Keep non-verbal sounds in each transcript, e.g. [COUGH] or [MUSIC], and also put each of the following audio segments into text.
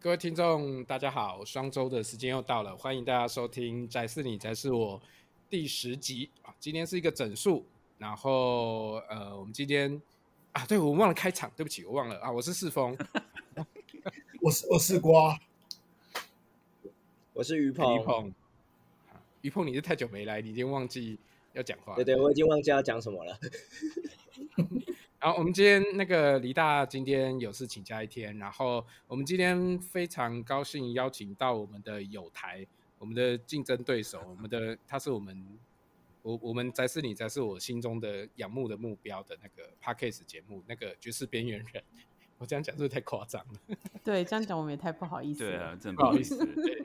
各位聽眾，大家好！雙週的時間又到了，歡迎大家收聽《才是你才是我》第十集啊。今天是一個整數，然後呃，我們今天啊，對，我忘了開場，對不起，我忘了啊。我是筱楓， [LAUGHS] 我是我是瓜，我是於鵬，於鵬，於鵬，你是太久沒來，你已經忘記要講話了。對對，我已經忘記要講什麼了。 [LAUGHS] 好我們今天那個李大今天有事請假一天，然後我們今天非常高興邀請到我們的友台，我們的競爭對手，我們的他是我們我我們才是你才是我心中的仰慕的目標的那個 Podcast 節目，那個爵士邊緣人，我這樣講是不是太誇張了？對，這樣講我們也太不好意思了。對啊，真的不好意思。 [LAUGHS] 對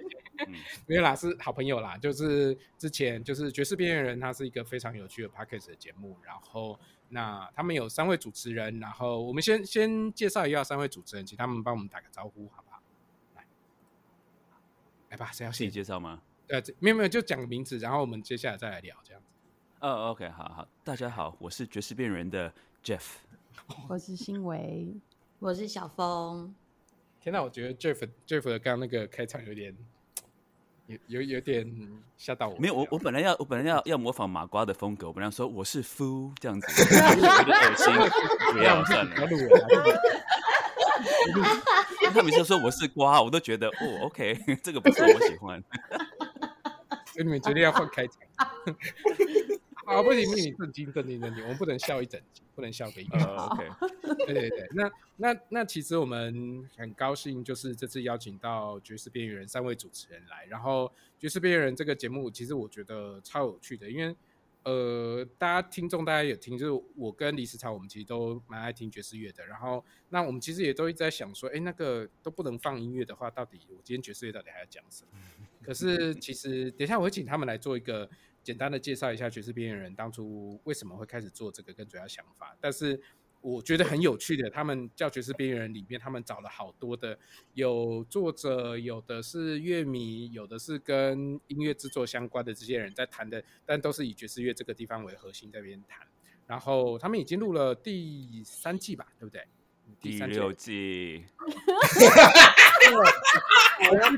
嗯，沒有啦，是好朋友啦，就是之前就是爵士邊緣人，他是一個非常有趣的 Podcast 節目，然後。那他們有三位主持人，然後我們先先介紹一下三位主持人，請他們幫我們打個招呼，好不好？來，來吧，誰要先介紹嗎？呃，沒有沒有，就講個名字，然後我們接下來再來聊這樣子。哦 OK 好好，大家好，我是爵士邊緣人的 Jeff，我是忻薇， [LAUGHS] 我是筱楓。 [LAUGHS] 小 [LAUGHS] 天吶、啊，我覺得 Jeff Jeff 的剛剛那個開場有點。有有有點嚇到我，沒有，我我本來要我本來要要模仿馬瓜的風格，我本來要說我是夫這樣子，覺得惡 [LAUGHS] 心，不要 [LAUGHS] 算了。他們就說我是瓜，我都覺得哦，OK，這個不錯，我喜歡。所以你們決定要放開。 [LAUGHS] 啊、 [MUSIC] oh, 不行，你震驚、震驚、震驚！我們不能笑一整集， [LAUGHS] 不能笑一個。OK，對對對，那那那，那其實我們很高興，就是這次邀請到爵士邊緣人三位主持人來。然後，爵士邊緣人這個節目，其實我覺得超有趣的，因為呃，大家聽眾大家也聽，就是我跟李時超，我們其實都蠻愛聽爵士樂的。然後，那我們其實也都一直在想說，哎，那個都不能放音樂的話，到底我今天爵士樂到底還要講什麼？ [LAUGHS] 可是，其實等一下我會請他們來做一個。簡單的介紹一下《爵士邊緣人》當初為什麼會開始做這個，跟主要想法。但是我覺得很有趣的，他們叫《爵士邊緣人》裡邊，他們找了好多的，有作者，有的是樂迷，有的是跟音樂製作相關的這些人在談的，但都是以爵士樂這個地方為核心在邊談。然後他們已經錄了第三季吧，對不對？第六，第六季，哇哈哈哈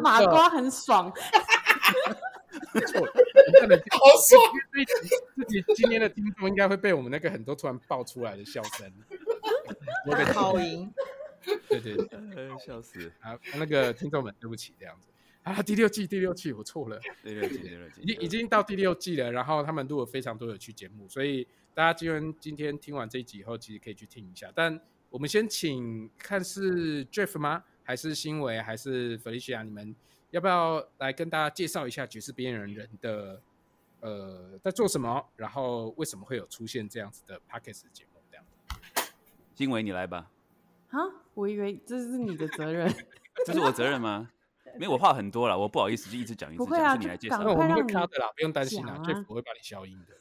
馬瓜很爽， [LAUGHS] 錯 [LAUGHS] 錯了，真的，好爽 [LAUGHS] 自己今天的聽眾應該會被我們那個很多突然爆出來的笑聲，我的操贏。對對對，笑死。好，那個聽眾們，對不起這樣子。啊，第六季，第六季，我錯了。第六季，已 [LAUGHS] 已經到第六季了。然後他們錄了非常多有趣節目，所以大家今天今天聽完這一集以後，其實可以去聽一下。但我們先請看是 Jeff 嗎？還是忻薇？還是 Felicia？你們？要不要來跟大家介紹一下爵士邊緣人的呃在做什麼？然後為什麼會有出現這樣子的 Podcast 節目？這樣的，忻薇你來吧。啊，我以為這是你的責任， [LAUGHS] 這是我責任嗎？ [LAUGHS] 沒，我話很多了，我不好意思就一直講、啊、一直講，啊、是你來介紹、啊。我快讓看的啦，不用擔心啦、啊，我不、啊、會把你消音的。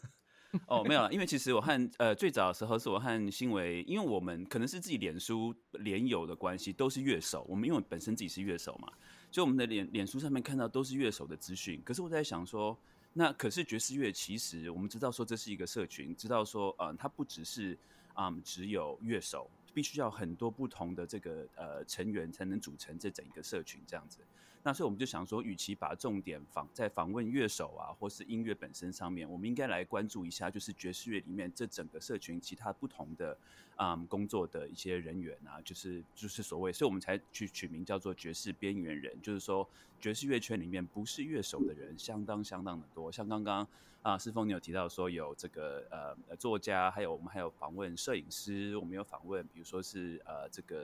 [LAUGHS] 哦，沒有了，因為其實我和呃最早的時候是我和忻薇，因為我們可能是自己臉書臉友的關係，都是樂手，我們因為本身自己是樂手嘛。就我們的臉臉書上面看到都是樂手的資訊，可是我在想說，那可是爵士樂其實，我們知道說這是一個社群，知道說呃，它不只是啊、呃、只有樂手，必須要很多不同的這個呃成員才能組成這整一個社群這樣子。那所以我們就想說，與其把重點放在訪問樂手啊，或是音樂本身上面，我們應該來關注一下，就是爵士樂裡面這整個社群其他不同的，嗯，工作的一些人員啊，就是就是所謂，所以我們才去取名叫做爵士邊緣人。就是說，爵士樂圈裡面不是樂手的人，相當相當的多。像剛剛啊，筱楓你有提到說有這個呃作家，還有我們還有訪問攝影師，我們有訪問，比如說是呃這個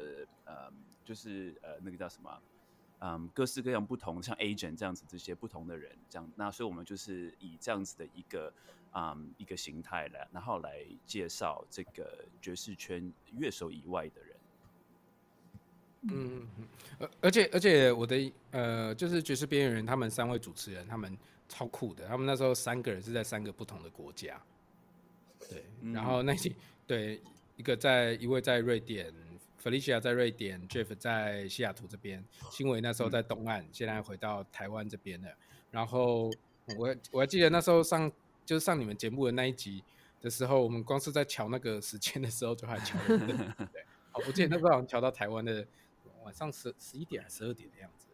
呃就是呃那個叫什麼？嗯，各式各樣不同，像 agent 這樣子，這些不同的人，這樣那，所以我們就是以這樣子的一個啊、嗯、一個形態來，然後來介紹這個爵士圈樂手以外的人。嗯，而且而且而且，我的呃，就是爵士邊緣人，他們三位主持人，他們超酷的，他們那時候三個人是在三個不同的國家，對，然後那些、嗯、對一個在一位在瑞典。Felicia 在瑞典，Jeff 在西雅圖這邊，忻薇那時候在東岸，嗯、現在回到台灣這邊了。然後我我還記得那時候上就是上你們節目的那一集的時候，我們光是在喬那個時間的時候就還喬了，好， [LAUGHS] 我記得那時候好像喬到台灣的晚上十十一點還是十二點的樣子，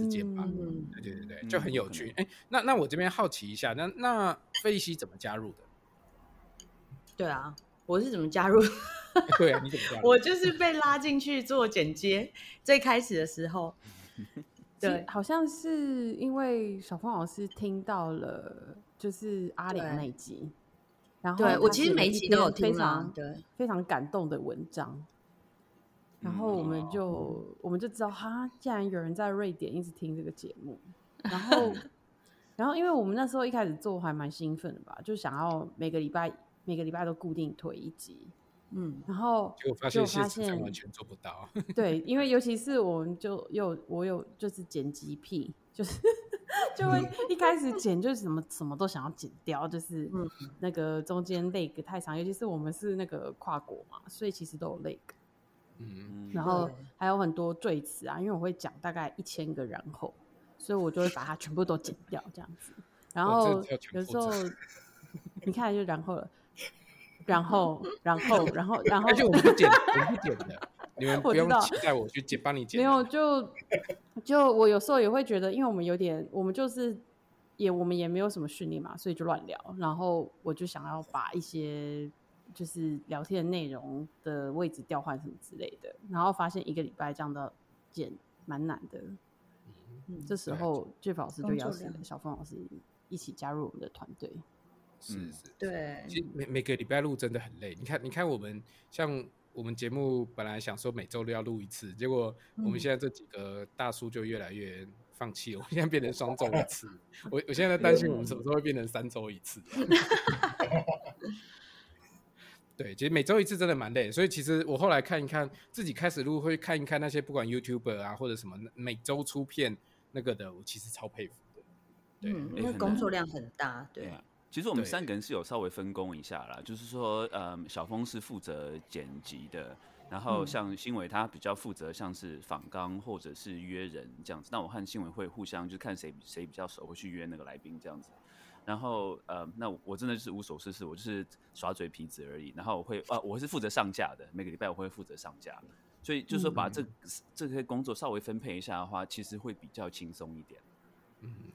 時間吧。對、嗯、對對對，就很有趣。哎、嗯嗯欸，那那我這邊好奇一下，那那 Felicia 怎麼加入的？對啊。我是怎麼加入？ [LAUGHS] 欸、對、啊，你怎麼加？ [LAUGHS] 我就是被拉進去做剪接，最開始的時候。 [LAUGHS] 對，好像是因為筱楓老師聽到了，就是阿玲那集，對然後對，我其實每一集都有聽到，都有聽啊，對，非常感動的文章。然後我們就、嗯、我們就知道哈、嗯啊，竟然有人在瑞典一直聽這個節目。然後， [LAUGHS] 然後，因為我們那時候一開始做還蠻興奮的吧，就想要每個禮拜。每個禮拜都固定推一集，嗯，然後就發現完全做不到。對，因為尤其是我們就又，我有就是剪輯癖，就是、嗯、 [LAUGHS] 就會一開始剪就是什麼什麼都想要剪掉，就是、嗯嗯、那個中間 lag 太長，尤其是我們是那個跨國嘛，所以其實都有 lag，嗯，然後、嗯、還有很多贅詞啊，因為我會講大概一千個然後，所以我就會把它全部都剪掉這樣子， [LAUGHS] 樣子然後有時候 [LAUGHS] 你看就然後了。 [LAUGHS] 然後，然後，然後，然後。就 [LAUGHS] 我是剪我是剪的， [LAUGHS] 你們不用期待我，我去剪，幫你剪。沒有，就就我有時候也會覺得，因為我們有點，我們就是也我們也沒有什麼訓練嘛，所以就亂聊。然後我就想要把一些就是聊天的內容的位置調換什麼之類的，然後發現一個禮拜這樣子剪蠻難的。嗯、這時候，Jeff< 對>老師就邀請了筱楓老師一起加入我們的團隊。是，是是，嗯、對。其實每每個禮拜錄真的很累。你看，你看我們像我們節目本來想說每周都要錄一次，結果我們現在這幾個大叔就越來越放棄。嗯、我現在變成雙周一次， [LAUGHS] 我我現在擔心我們什麼時候會變成三周一次。嗯、 [LAUGHS] 對，其實每周一次真的蠻累。所以其實我後來看一看自己開始錄，會看一看那些不管 YouTuber 啊或者什麼每周出片那個的，我其實超佩服的。對，因為工作量很大，對，對其實我們三個人是有稍微分工一下啦。對就是說，呃、嗯，筱楓是負責剪輯的，然後像忻薇他比較負責像是訪綱或者是約人這樣子。那我和忻薇會互相就是看誰誰比較熟，會去約那個來賓這樣子。然後，呃、嗯，那我真的就是無所事事，我就是耍嘴皮子而已。然後我會啊，我是負責上架的，每個禮拜我會負責上架。所以就是說把這、嗯、這些工作稍微分配一下的話，其實會比較輕鬆一點。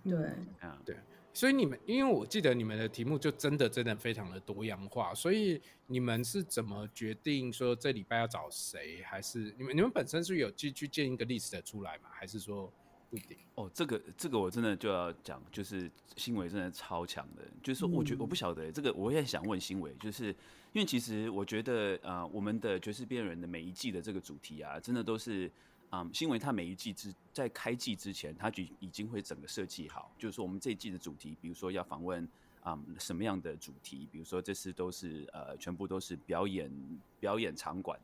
對嗯，對，嗯，對。所以你們，因為我記得你們的題目就真的真的非常的多樣化，所以你們是怎麼決定說這禮拜要找誰？還是你們你們本身是有去去建一個 list 出來嗎？還是說不定？哦，這個這個我真的就要講，就是忻薇真的超強的，就是我覺得、嗯、我不曉得這個，我也想問忻薇，就是因為其實我覺得啊、呃，我們的爵士邊緣人的每一季的這個主題啊，真的都是。啊，um, 忻薇他每一季之在開季之前，他已已經會整個設計好，就是說我們這一季的主題，比如說要訪問啊、um, 什麼樣的主題，比如說這次都是呃全部都是表演表演場館，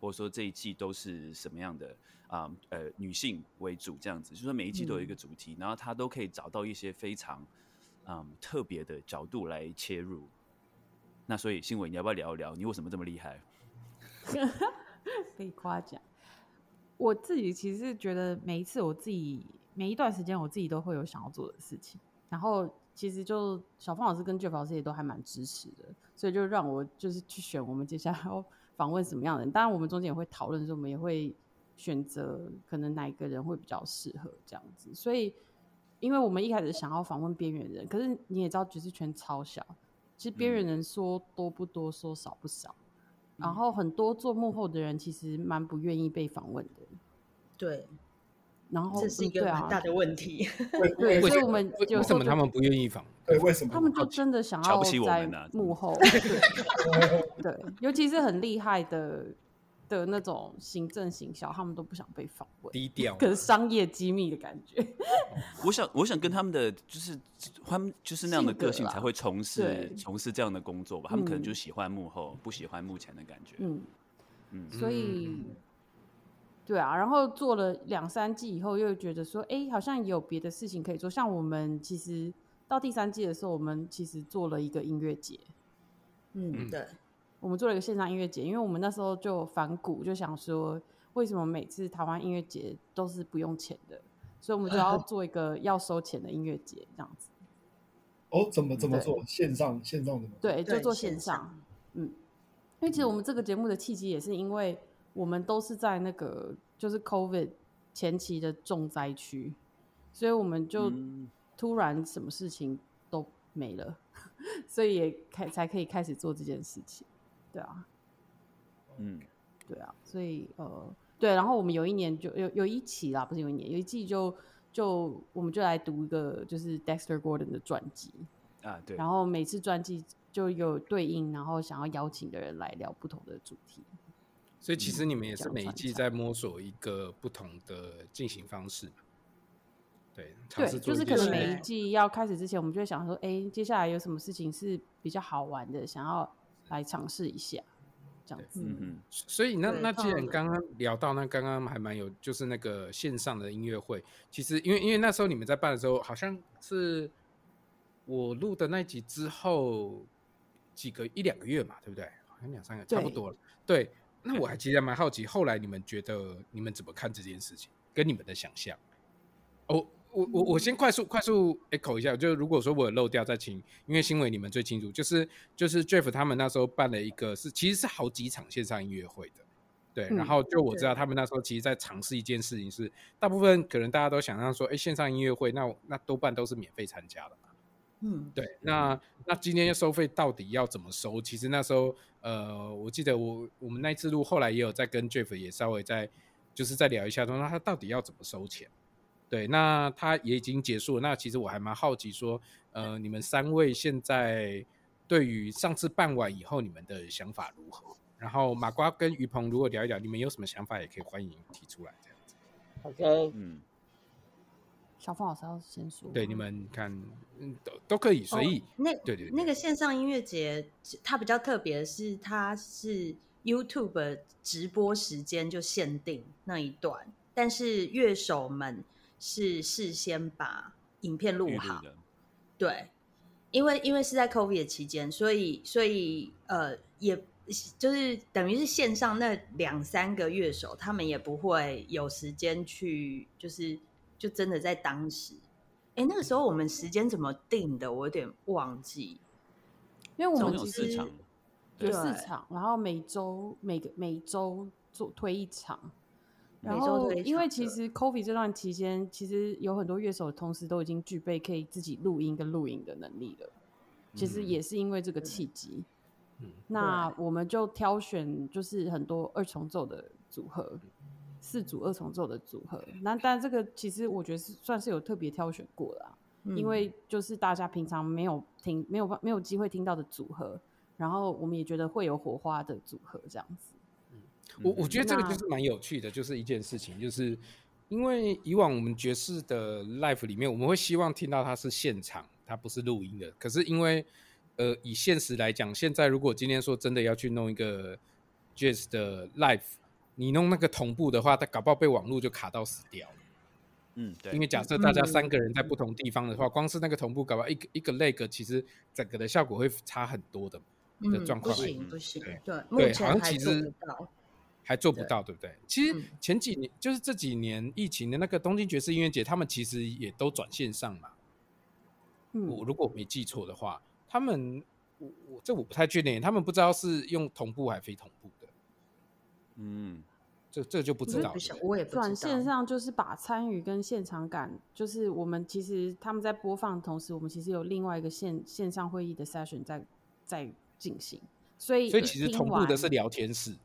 或者說這一季都是什麼樣的啊、um, 呃女性為主這樣子，就是說每一季都有一個主題，嗯、然後他都可以找到一些非常嗯、um, 特別的角度來切入。那所以忻薇，你要不要聊一聊？你為什麼這麼厲害？ [LAUGHS] 可以誇獎。我自己其實覺得每一次我自己每一段時間我自己都會有想要做的事情，然後其實就筱楓老師跟 Jeff 老師也都還蠻支持的，所以就讓我就是去選我們接下來要訪問什麼樣的人。當然我們中間也會討論，說我們也會選擇可能哪一個人會比較適合這樣子。所以因為我們一開始想要訪問邊緣人，可是你也知道爵士圈超小，其實邊緣人說多不多，說少不少。嗯然後很多做幕後的人其實蠻不願意被訪問的，對，然後這是一個很大的問題。嗯，對啊，對，所以我們就為什麼他們不願意訪？對，為什麼他們就真的想要在幕後？對，尤其是很厲害的。的那種行政行銷，他們都不想被訪問，低調，跟商業機密的感覺。Oh. [LAUGHS] 我想，我想跟他們的就是，他們就是那樣的個性才會從事從事這樣的工作吧。對他們可能就喜歡幕後，嗯、不喜歡幕前的感覺。嗯嗯，嗯所以對啊，然後做了兩三季以後，又覺得說，哎、欸，好像有別的事情可以做。像我們其實到第三季的時候，我們其實做了一個音樂節。嗯，嗯對。我們做了一個線上音樂節，因為我們那時候就反骨，就想說，為什麼每次台灣音樂節都是不用錢的，所以我們就要做一個要收錢的音樂節，啊、這樣子。哦，怎麼怎麼做對線上線上怎麼做？對，就做線上。線上嗯，因為其實我們這個節目的契機也是因為我們都是在那個就是 COVID 前期的重災區，所以我們就突然什麼事情都沒了，嗯、 [LAUGHS] 所以也開才可以開始做這件事情。對啊，嗯，對啊，所以呃，對啊，然後我們有一年就有有一期啦，不是有一年有一季就，就就我們就來讀一個就是 Dexter Gordon 的傳記啊，對，然後每次傳記就有對應，然後想要邀請的人來聊不同的主題，所以其實你們也是每一季在摸索一個不同的進行方式，對，就是可能每一季要開始之前，我們就會想說，哎，哎，接下來有什麼事情是比較好玩的，想要。來嘗試一下，這樣子。嗯哼所以那那既然剛剛聊到，那剛剛還蠻有，就是那個線上的音樂會，其實因為因為那時候你們在辦的時候，好像是我錄的那集之後幾個一兩個月嘛，對不對？好像兩三個，對差不多了。對，那我還其實還蠻好奇，後來你們覺得你們怎麼看這件事情，跟你們的想象哦。Oh, 我我我先快速快速 echo 一下，就是如果說我有漏掉，再請，因為忻薇你們最清楚，就是就是 Jeff 他們那時候辦了一個是，其實是好幾場線上音樂會的，對，嗯、然後就我知道他們那時候其實在嘗試一件事情是，是、嗯、大部分可能大家都想象說，哎、欸，線上音樂會那那多半都是免費參加的嘛，嗯，對，嗯、那那今天要收費到底要怎麼收？其實那時候，呃，我記得我我們那次錄後來也有在跟 Jeff 也稍微在，就是在聊一下說，說他到底要怎麼收錢。對，那他也已經結束了。那其實我還蠻好奇，說，呃，對你們三位現在對於上次辦完以後，你們的想法如何？然後馬瓜跟於鵬如果聊一聊，你們有什麼想法，也可以歡迎提出來。這樣子。OK Okay .嗯。筱楓好像要先說。對，你們看，嗯，都都可以隨意。哦、那對對，對對那個線上音樂節，它比較特別的是，它是 YouTube 直播時間就限定那一段，但是樂手們，是事先把影片錄好，對，因為因為是在 COVID 期間，所以所以呃，也就是等於是線上那兩三個樂手，他們也不會有時間去，就是就真的在當時，哎，那個時候我們時間怎麼定的？我有點忘記，因為我們其實有四場，然後每周每個每周做推一場。然後，因為其實 COVID 這段期間，其實有很多樂手的同時都已經具備可以自己錄音跟錄影的能力了。其實也是因為這個契機，嗯，那我們就挑選就是很多二重奏的組合，嗯嗯、四組二重奏的組合。那但這個其實我覺得是算是有特別挑選過啦，嗯、因為就是大家平常沒有聽、沒有沒有機會聽到的組合。然後我們也覺得會有火花的組合這樣子。我我覺得這個就是蠻有趣的，就是一件事情，就是因為以往我們爵士的 live 裡面，我們會希望聽到它是現場，它不是錄音的。可是因為，呃，以現實來講，現在如果今天說真的要去弄一個 jazz 的 live，你弄那個同步的話，它搞不好被網絡就卡到死掉。嗯，對。因為假設大家三個人在不同地方的話，光是那個同步搞不好一個一個 lag，其實整個的效果會差很多的，的，狀況的嗯。嗯，不行，對，對，好像其實。還做不到，對不對？對其實前幾年、嗯、就是這幾年疫情的那個東京爵士音樂節，嗯、他們其實也都轉線上嘛。嗯、我如果沒記錯的話，他們我我這我不太確定，他們不知道是用同步還是非同步的。嗯，這這就不知道是不是。我也不知道。轉線上，就是把參與跟現場感，就是我們其實他們在播放的同時，我們其實有另外一個線線上會議的 session 在在進行，所以所以其實同步的是聊天室。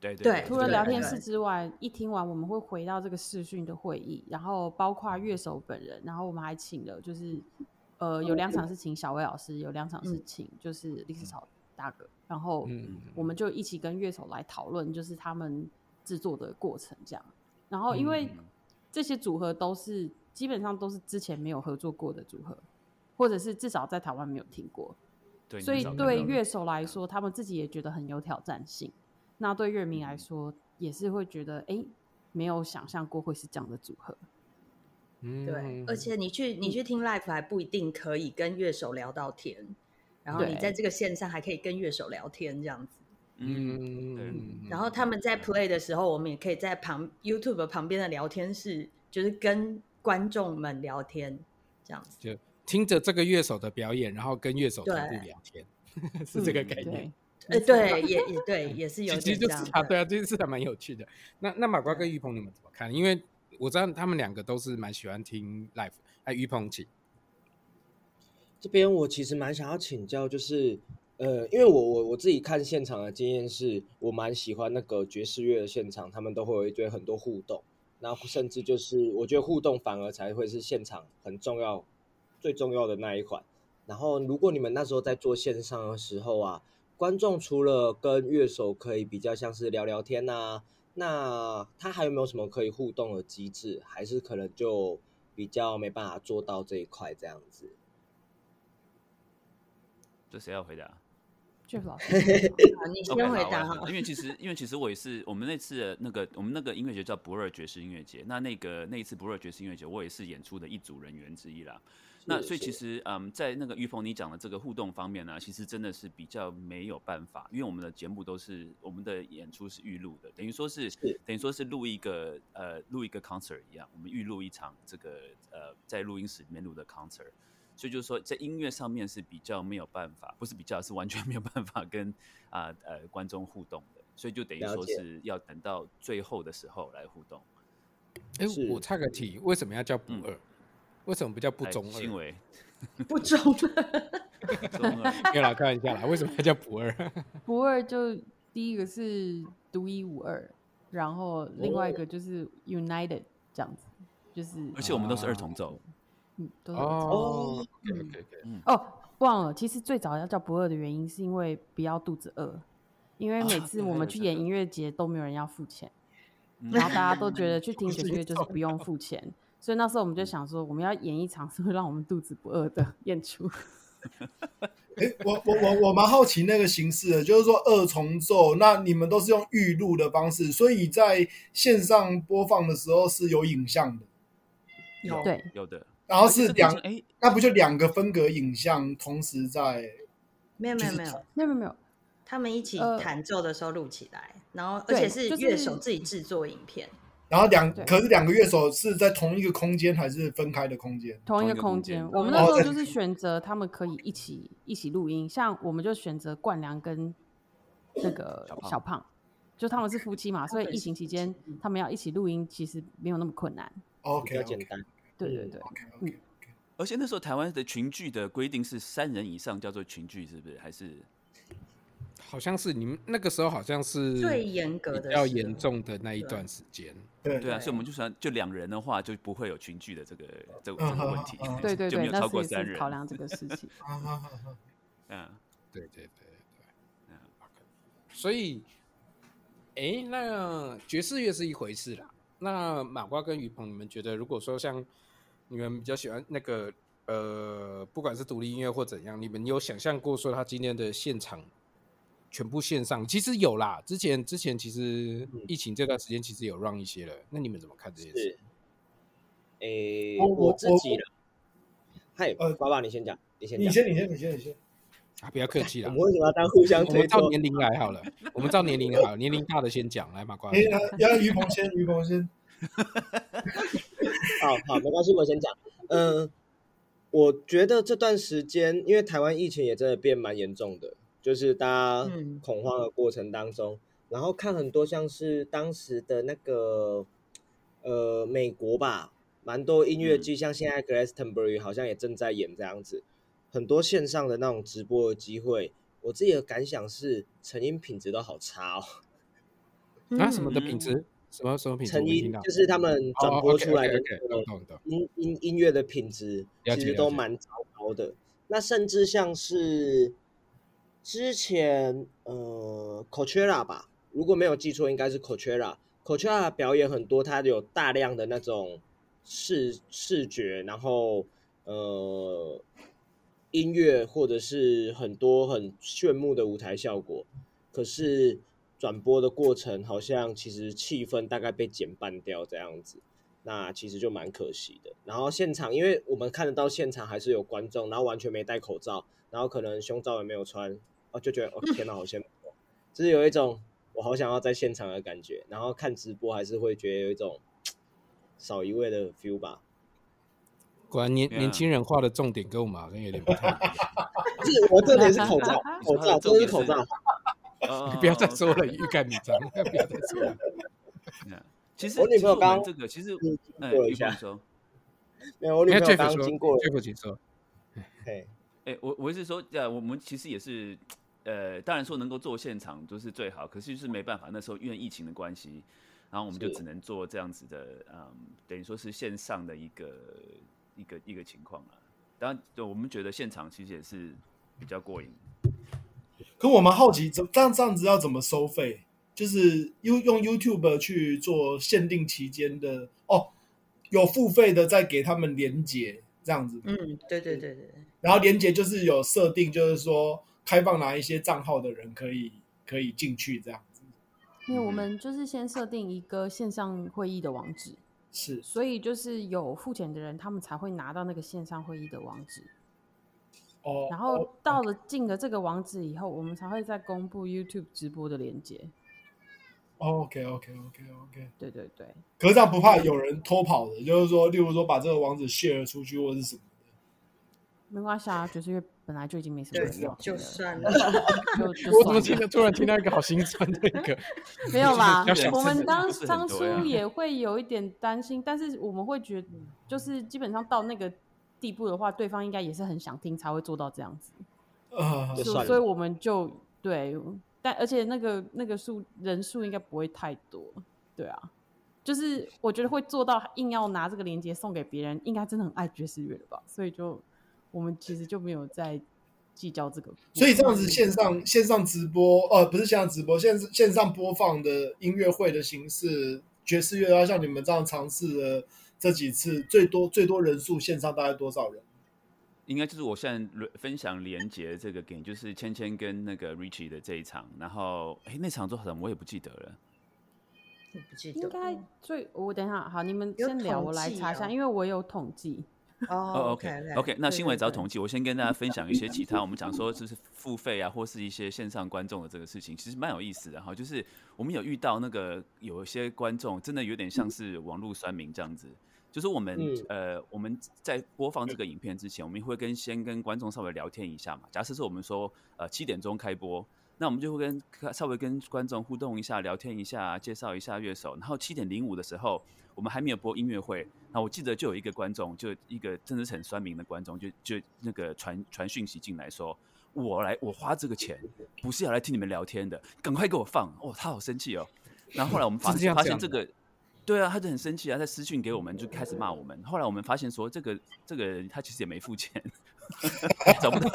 對，對，對，對除了聊天室之外，對對對一聽完我們會回到這個視訊的會議，然後包括樂手本人，然後我們還請了，就是呃，有兩場是請小薇老師，有兩場是請就是李思超大哥，然後我們就一起跟樂手來討論，就是他們製作的過程這樣。然後因為這些組合都是基本上都是之前沒有合作過的組合，或者是至少在台灣沒有聽過，對所以對樂手來說，他們自己也覺得很有挑戰性。那對樂迷來說也是會覺得，哎，沒有想象過會是這樣的組合。嗯，對。而且你去你去聽 live 還不一定可以跟樂手聊到天，然後你在這個線上還可以跟樂手聊天這樣子。嗯，然後他們在 play 的時候，我們也可以在旁 YouTube 旁邊的聊天室，就是跟觀眾們聊天這樣子。就聽着這個樂手的表演，然後跟樂手同步聊天，是這個概念。呃，對，也也對，也是有趣的。其實就是啊，對啊，這次還蠻有趣的。那那馬瓜哥跟玉鵬，你們怎麼看？因為我知道他們兩個都是蠻喜歡聽 live。哎，玉鵬，請。這邊我其實蠻想要請教，就是呃，因為我我我自己看現場的經驗是，我蠻喜歡那個爵士樂的現場，他們都會有一堆很多互動，然後甚至就是我覺得互動反而才會是現場很重要、最重要的那一款。然後，如果你們那時候在做線上的時候啊。觀眾除了跟樂手可以比較像是聊聊天吶、啊，那他還有沒有什麼可以互動的機制？還是可能就比較沒辦法做到這一塊這樣子？這誰要回答？確實 [LAUGHS] 你先回答 okay, 好，因為其實，因為其實我也是，我們那次那個 [LAUGHS] 我們那個音樂節叫不二爵士音樂節，那那個那一次不二爵士音樂節，我也是演出的一組人員之一啦。那所以其實，是是嗯，在那個玉峰你講的這個互動方面呢，其實真的是比較沒有辦法，因為我們的節目都是我們的演出是預錄的，等於說是，是等於說是錄一個呃錄一個 concert 一樣，我們預錄一場這個呃在錄音室裡面錄的 concert，所以就是說在音樂上面是比較沒有辦法，不是比較是完全沒有辦法跟啊呃，呃觀眾互動的，所以就等於說是要等到最後的時候來互動。哎，我插個題，為什麼要叫不二？嗯為什麼不叫不中二？不中二，又老開玩笑了。為什麼它叫不二？不二就第一個是獨一無二，然後另外一個就是 United 這樣子，就是。而且我們都是二重奏。嗯，都是哦，對對對。哦，忘了，其實最早要叫不二的原因是因為不要肚子餓，因為每次我們去演音樂節都沒有人要付錢，然後大家都覺得去聽爵士樂就是不用付錢。所以那時候我們就想說，我們要演一場說是是讓我們肚子不餓的演出 [LAUGHS] 、欸。我我我我蠻好奇那個形式的，就是說二重奏，那你們都是用預錄的方式，所以在線上播放的時候是有影像的。有對，有的。然後是兩、就是欸、那不就兩個分格影像同時在？沒有沒有沒有沒有沒有，他們一起彈奏的時候錄起來，呃、然後而且是、就是、樂手自己制作影片。然後兩，可是兩個樂手是在同一個空間還是分開的空間？同一個空間，我們那時候就是選擇他們可以一起一起錄音。像我們就選擇冠良跟那個小胖，就他們是夫妻嘛，所以疫情期間他們要一起錄音，其實沒有那麼困難。哦，比較簡單。對對對，嗯。而且那時候台灣的群聚的規定是三人以上叫做群聚，是不是？還是？好像是你們那個時候，好像是最嚴格的、比較嚴重的那一段時間。的的對對啊，對所以我們就想，就兩人的話，就不會有群聚的這個這個嗯、這個問題。對對就沒有超過三人。對對對是是考量這個事情。嗯，對、嗯、對對對對，嗯、所以，哎、欸，那爵士樂是一回事啦。那馬瓜跟於鵬，你們覺得，如果說像你們比較喜歡那個呃，不管是獨立音樂或怎樣，你們有想象過說他今天的現場？全部線上，其實有啦。之前之前，其實疫情這段時間，其實有 run 一些了。嗯、那你們怎麼看這件事？誒，欸哦、我，我，我自己的。嗨、哦，爸爸你先講，你先講，你先，你先，你先，你先。啊，不要客氣啦。我們為什麼要當互相推？我們照年齡來好了。 [LAUGHS] 我們照年齡好， [LAUGHS] 年齡 [LAUGHS] 大的先講來。馬光，來於鵬先，於鵬先。 [LAUGHS] 好好，沒關係，我先講。嗯、呃，我覺得這段時間，因為台灣疫情也真的變蠻嚴重的。就是大家恐慌的過程當中，嗯嗯、然後看很多像是當時的那個呃美國吧，蠻多音樂劇，嗯、像現在《Glastonbury》好像也正在演這樣子，很多線上的那種直播的機會。我自己的感想是，成音品質都好差哦、嗯啊。什麼的品質？什麼什麼品質？成音就是他們轉播出來的音音音樂的品質，其實都蠻糟糕的。那甚至像是。之前呃，Coachella 吧，如果沒有記錯，應該是 Coachella。Coachella 表演很多，它有大量的那種視視覺，然後呃音樂或者是很多很炫目的舞台效果。可是轉播的過程好像其實氣氛大概被減半掉這樣子，那其實就蠻可惜的。然後現場，因為我們看得到現場還是有觀眾，然後完全沒戴口罩，然後可能胸罩也沒有穿。就覺得哦天哪，好羨慕，就是有一種我好想要在現場的感覺。然後看直播，還是會覺得有一種少一位的 feel 吧。果然，年年輕人畫的重點跟我們好像有點不同。是我重點是口罩，口罩這是口罩。你不要再說了，欲蓋彌彰。不要再說了。其實我女朋友剛這個，其實嗯，我女朋友說，沒有，我女朋友剛經過，經過幾說。哎，我我我是說，啊，我們其實也是。呃，當然說能夠做現場都是最好，可是就是沒辦法，那時候因為疫情的關係，然後我們就只能做這樣子的，是嗯，等於說是線上的一個一個一個情況啊。當然，我們覺得現場其實也是比較過癮。可我們好奇，這這樣子要怎麼收費？就是用用 YouTube 去做限定期間的哦，有付費的再給他們連結，這樣子。嗯，對對對對，對然後連結就是有設定，就是說。開放哪一些賬號的人可以可以進去這樣子，因為我們就是先設定一個線上會議的網址，嗯、是，所以就是有付錢的人，他們才會拿到那個線上會議的網址。哦，然後到了、哦、進了這個網址以後，哦、我們才會再公布 YouTube 直播的鏈接、哦。OK OK OK OK，對對對，可是這樣不怕有人偷跑的，對就是說，例如說把這個網址洩露出去或者是什麼？沒關係啊，爵士樂本來就已經沒什麼觀眾， [LAUGHS] 就算了。 [LAUGHS] 我怎麼聽？突然聽到一個好心酸的一個， [LAUGHS] 沒有吧？ [LAUGHS] 我們當當初也會有一點擔心，對但是我們會覺得，就是基本上到那個地步的話， [LAUGHS] 對方應該也是很想聽才會做到這樣子。嗯、是。所以我們就對，但而且那個那個數人數應該不會太多，對啊，就是我覺得會做到硬要拿這個鏈接送給別人，應該真的很愛爵士樂的吧？所以就。我們其實就沒有再計較這個，所以這樣子線上線上直播，呃，不是線上直播，線線上播放的音樂會的形式，爵士樂要像你們這樣嘗試的這幾次，最多最多人數線上大概多少人？應該就是我現在分享連接這個 game，就是芊芊跟那個 Richie 的這一場，然後哎、欸、那場做什麼我也不記得了，我不記得，應該最我等一下好，你們先聊，啊、我來查一下，因為我有統計。哦，OK，OK，那新聞找統計。對對對。我先跟大家分享一些其他，我們講說就是付費啊， [LAUGHS] 或是一些線上觀眾的這個事情，其實蠻有意思的哈。就是我們有遇到那個有一些觀眾，真的有點像是網絡酸民這樣子。Mm. 就是我們、mm. 呃，我們在播放這個影片之前，我們會跟先跟觀眾稍微聊天一下嘛。假設是我們說呃七點鐘開播，那我們就會跟，稍微跟觀眾互動一下，聊天一下，介紹一下樂手，然後七點零五的時候，我們還沒有播音樂會，那我記得就有一個觀眾，就一個真的是很酸民的觀眾，就就那個傳傳訊息進來說：“我來，我花這個錢不是要來聽你們聊天的，趕快給我放！”哦，他好生氣哦。然後後來我們發發現這個，對啊，他就很生氣啊，在私訊給我們就開始罵我們。對對對對，後來我們發現說、這個，這個這個人他其實也沒付錢， [LAUGHS] [LAUGHS] 找不到，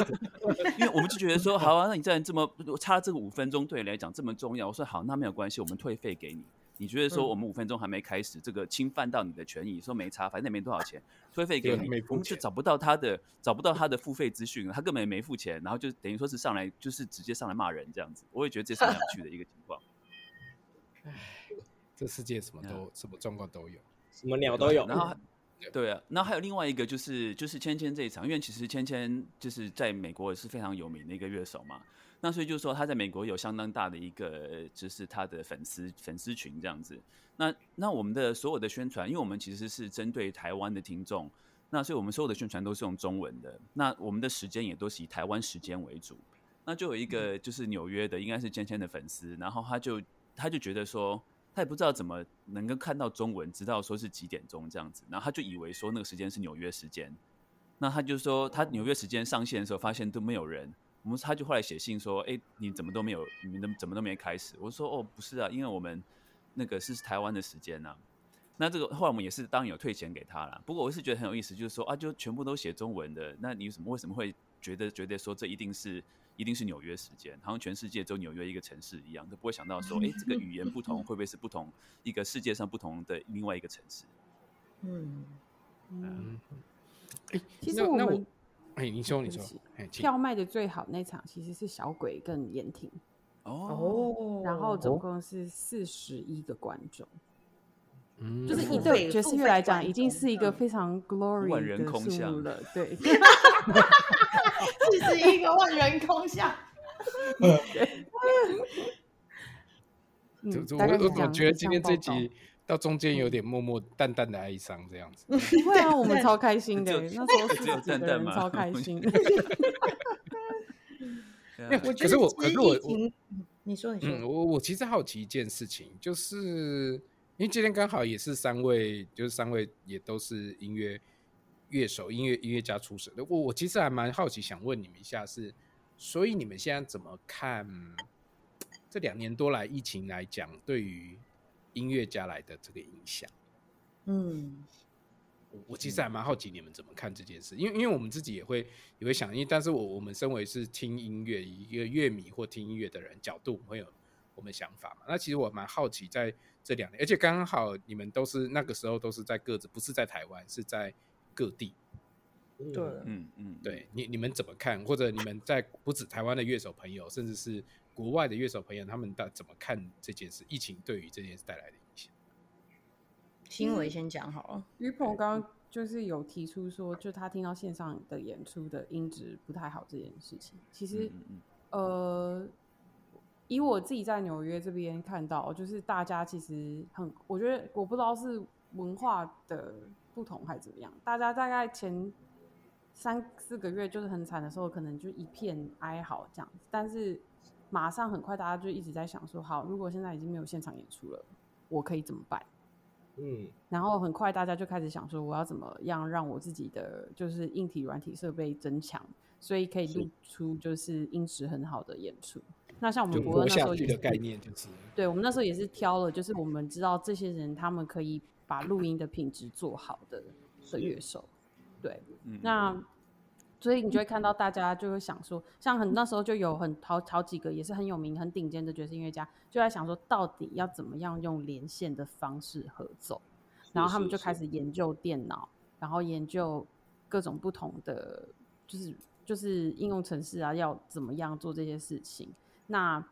因為我們就覺得說，好啊，那你既然這麼差這個五分鐘對你來講這麼重要，我說好，那沒有關係，我們退費給你。你覺得說我們五分鐘還沒開始，嗯、這個侵犯到你的權益，說沒差，反正也沒多少錢，退費給你沒付，就找不到他的，找不到他的付費資訊，他根本沒付錢，然後就等於說是上來就是直接上來罵人這樣子，我也覺得這是很有趣的一個情況。 [LAUGHS] [LAUGHS] 這世界什麼都、啊、什麼狀況都有，什麼鳥都有。對嗯、然後、嗯、對啊，那還有另外一個就是就是芊芊這一場，因為其實芊芊就是在美國也是非常有名的一個樂手嘛。那所以就是說，他在美國有相當大的一個，就是他的粉絲粉絲群這樣子。那那我們的所有的宣傳，因為我們其實是針對台灣的聽眾，那所以我們所有的宣傳都是用中文的。那我們的時間也都是以台灣時間為主。那就有一個就是紐約的，應該是芊芊的粉絲，然後他就他就覺得說，他也不知道怎麼能夠看到中文，知道說是幾點鐘這樣子。然後他就以為說那個時間是紐約時間。那他就說他紐約時間上線的時候，發現都沒有人。我們他就後來寫信說：“哎、欸，你怎麼都沒有，你們怎麼都沒開始？”我說：“哦，不是啊，因為我們那個是台灣的時間呢、啊。那這個後來我們也是當然有退錢給他啦。不過我是覺得很有意思，就是說啊，就全部都寫中文的，那你怎麼為什麼會覺得覺得說這一定是一定是紐約時間？好像全世界只有紐約一個城市一樣，就不會想到說，哎、欸，這個語言不同會不會是不同一個世界上不同的另外一個城市？”嗯 [LAUGHS] 嗯，哎，其實我。哎，你說你說，票賣的最好那場其實是小鬼跟嚴挺，哦，然後總共是四十一個觀眾，就是以對爵士樂來講，已經是一個非常 glory 的數了，對，四十一個萬人空巷，我我我覺得今天這集。到中間有點默默淡淡的哀傷這樣子，嗯對，不會 [LAUGHS] 啊，我們超開心的，就那時候只有兩個人超開心。 [LAUGHS] 可是我，可是疫情 我，你說，嗯，我我其實好奇一件事情，就是因為今天剛好也是三位，就是三位也都是音樂樂手、音樂音樂家出身。我我其實還蠻好奇，想問你們一下是，所以你們現在怎麼看這兩年多來疫情來講，對於？音樂家來的這個影響，嗯，我其實還蠻好奇你們怎麼看這件事，嗯、因為因為我們自己也會也會想，因為但是我我們身為是聽音樂一個樂迷或聽音樂的人角度，會有我們想法嘛？那其實我蠻好奇在這兩年，而且剛剛好你們都是那個時候都是在各自，不是在台灣，是在各地。對啊、對，嗯嗯，嗯對你你們怎麼看？或者你們在不止台灣的樂手朋友，甚至是。國外的樂手朋友，他們到底怎麼看這件事？疫情對於這件事帶來的影響？忻薇先講好了。於鵬剛剛就是有提出說，就他聽到線上的演出的音質不太好這件事情。其實，嗯嗯嗯呃，以我自己在紐約這邊看到，就是大家其實很，我覺得我不知道是文化的不同還是怎麼樣，大家大概前三四個月就是很慘的時候，可能就一片哀嚎這樣子，但是。馬上很快，大家就一直在想說：好，如果現在已經沒有現場演出了，我可以怎麼辦？嗯，然後很快大家就開始想說：我要怎麼樣讓我自己的就是硬體、軟體設備增強，所以可以錄出就是音質很好的演出。是那像我們國內那時候一個概念就是，對我們那時候也是挑了，就是我們知道這些人他們可以把錄音的品質做好的是的樂手，對，嗯嗯那。所以你就會看到大家就會想說，像很那時候就有很好好幾個也是很有名、很頂尖的爵士音樂家，就在想說到底要怎麼樣用連線的方式合奏，是然後他們就開始研究電腦，然後研究各種不同的就是就是應用程式啊，要怎麼樣做這些事情。那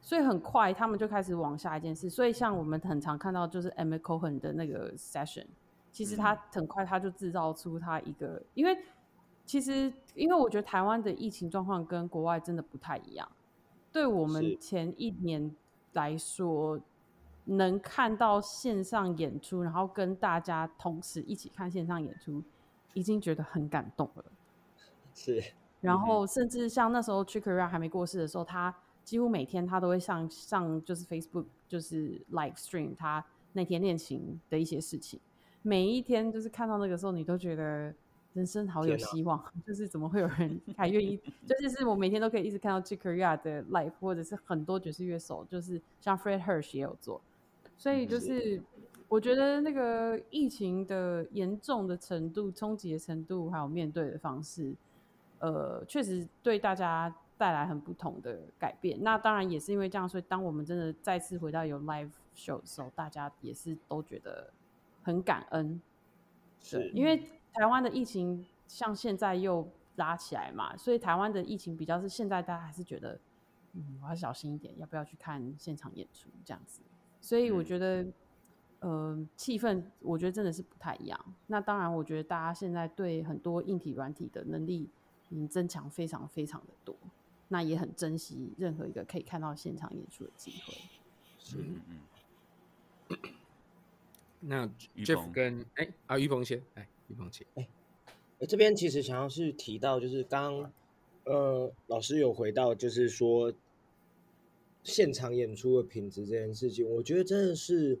所以很快他們就開始往下一件事。所以像我們很常看到就是 Emmet Cohen 的那個 Session，其實他很快他就制造出他一個、嗯、因為。其實，因為我覺得台灣的疫情狀況跟國外真的不太一樣。對我們前一年來說，是能看到線上演出，然後跟大家同時一起看線上演出，已經覺得很感動了。是。然後，甚至像那時候 Chick Corea 還沒過世的時候，他幾乎每天他都會上上就是 Facebook，就是 Live Stream 他那天練琴的一些事情。每一天就是看到那個時候，你都覺得。人生好有希望，的 [LAUGHS] 就是怎麼會有人還願意？ [LAUGHS] 就是是我每天都可以一直看到 Chick Corea 的 live 或者是很多爵士樂手，就是像 Fred Hersch 也有做。所以就是，是的我覺得那個疫情的嚴重的程度，對衝擊的程度，還有面對的方式，呃，確實對大家帶來很不同的改變。那當然也是因為這樣，所以當我們真的再次回到有 live show 的時候，大家也是都覺得很感恩。是對，因為。台灣的疫情像現在又拉起來嘛，所以台灣的疫情比較是現在大家還是覺得，嗯，我要小心一點，要不要去看現場演出這樣子？所以我覺得，嗯嗯、呃，氣氛我覺得真的是不太一樣。那當然，我覺得大家現在對很多硬體、軟體的能力，已經嗯，增強非常非常的多，那也很珍惜任何一個可以看到現場演出的機會。嗯嗯、是。嗯嗯。那 Jeff 跟哎蓬、欸、啊，玉峰先來。欸哎、欸呃，這邊其實想要是提到，就是剛，呃，老師有回到，就是說現場演出的品質這件事情，我覺得真的是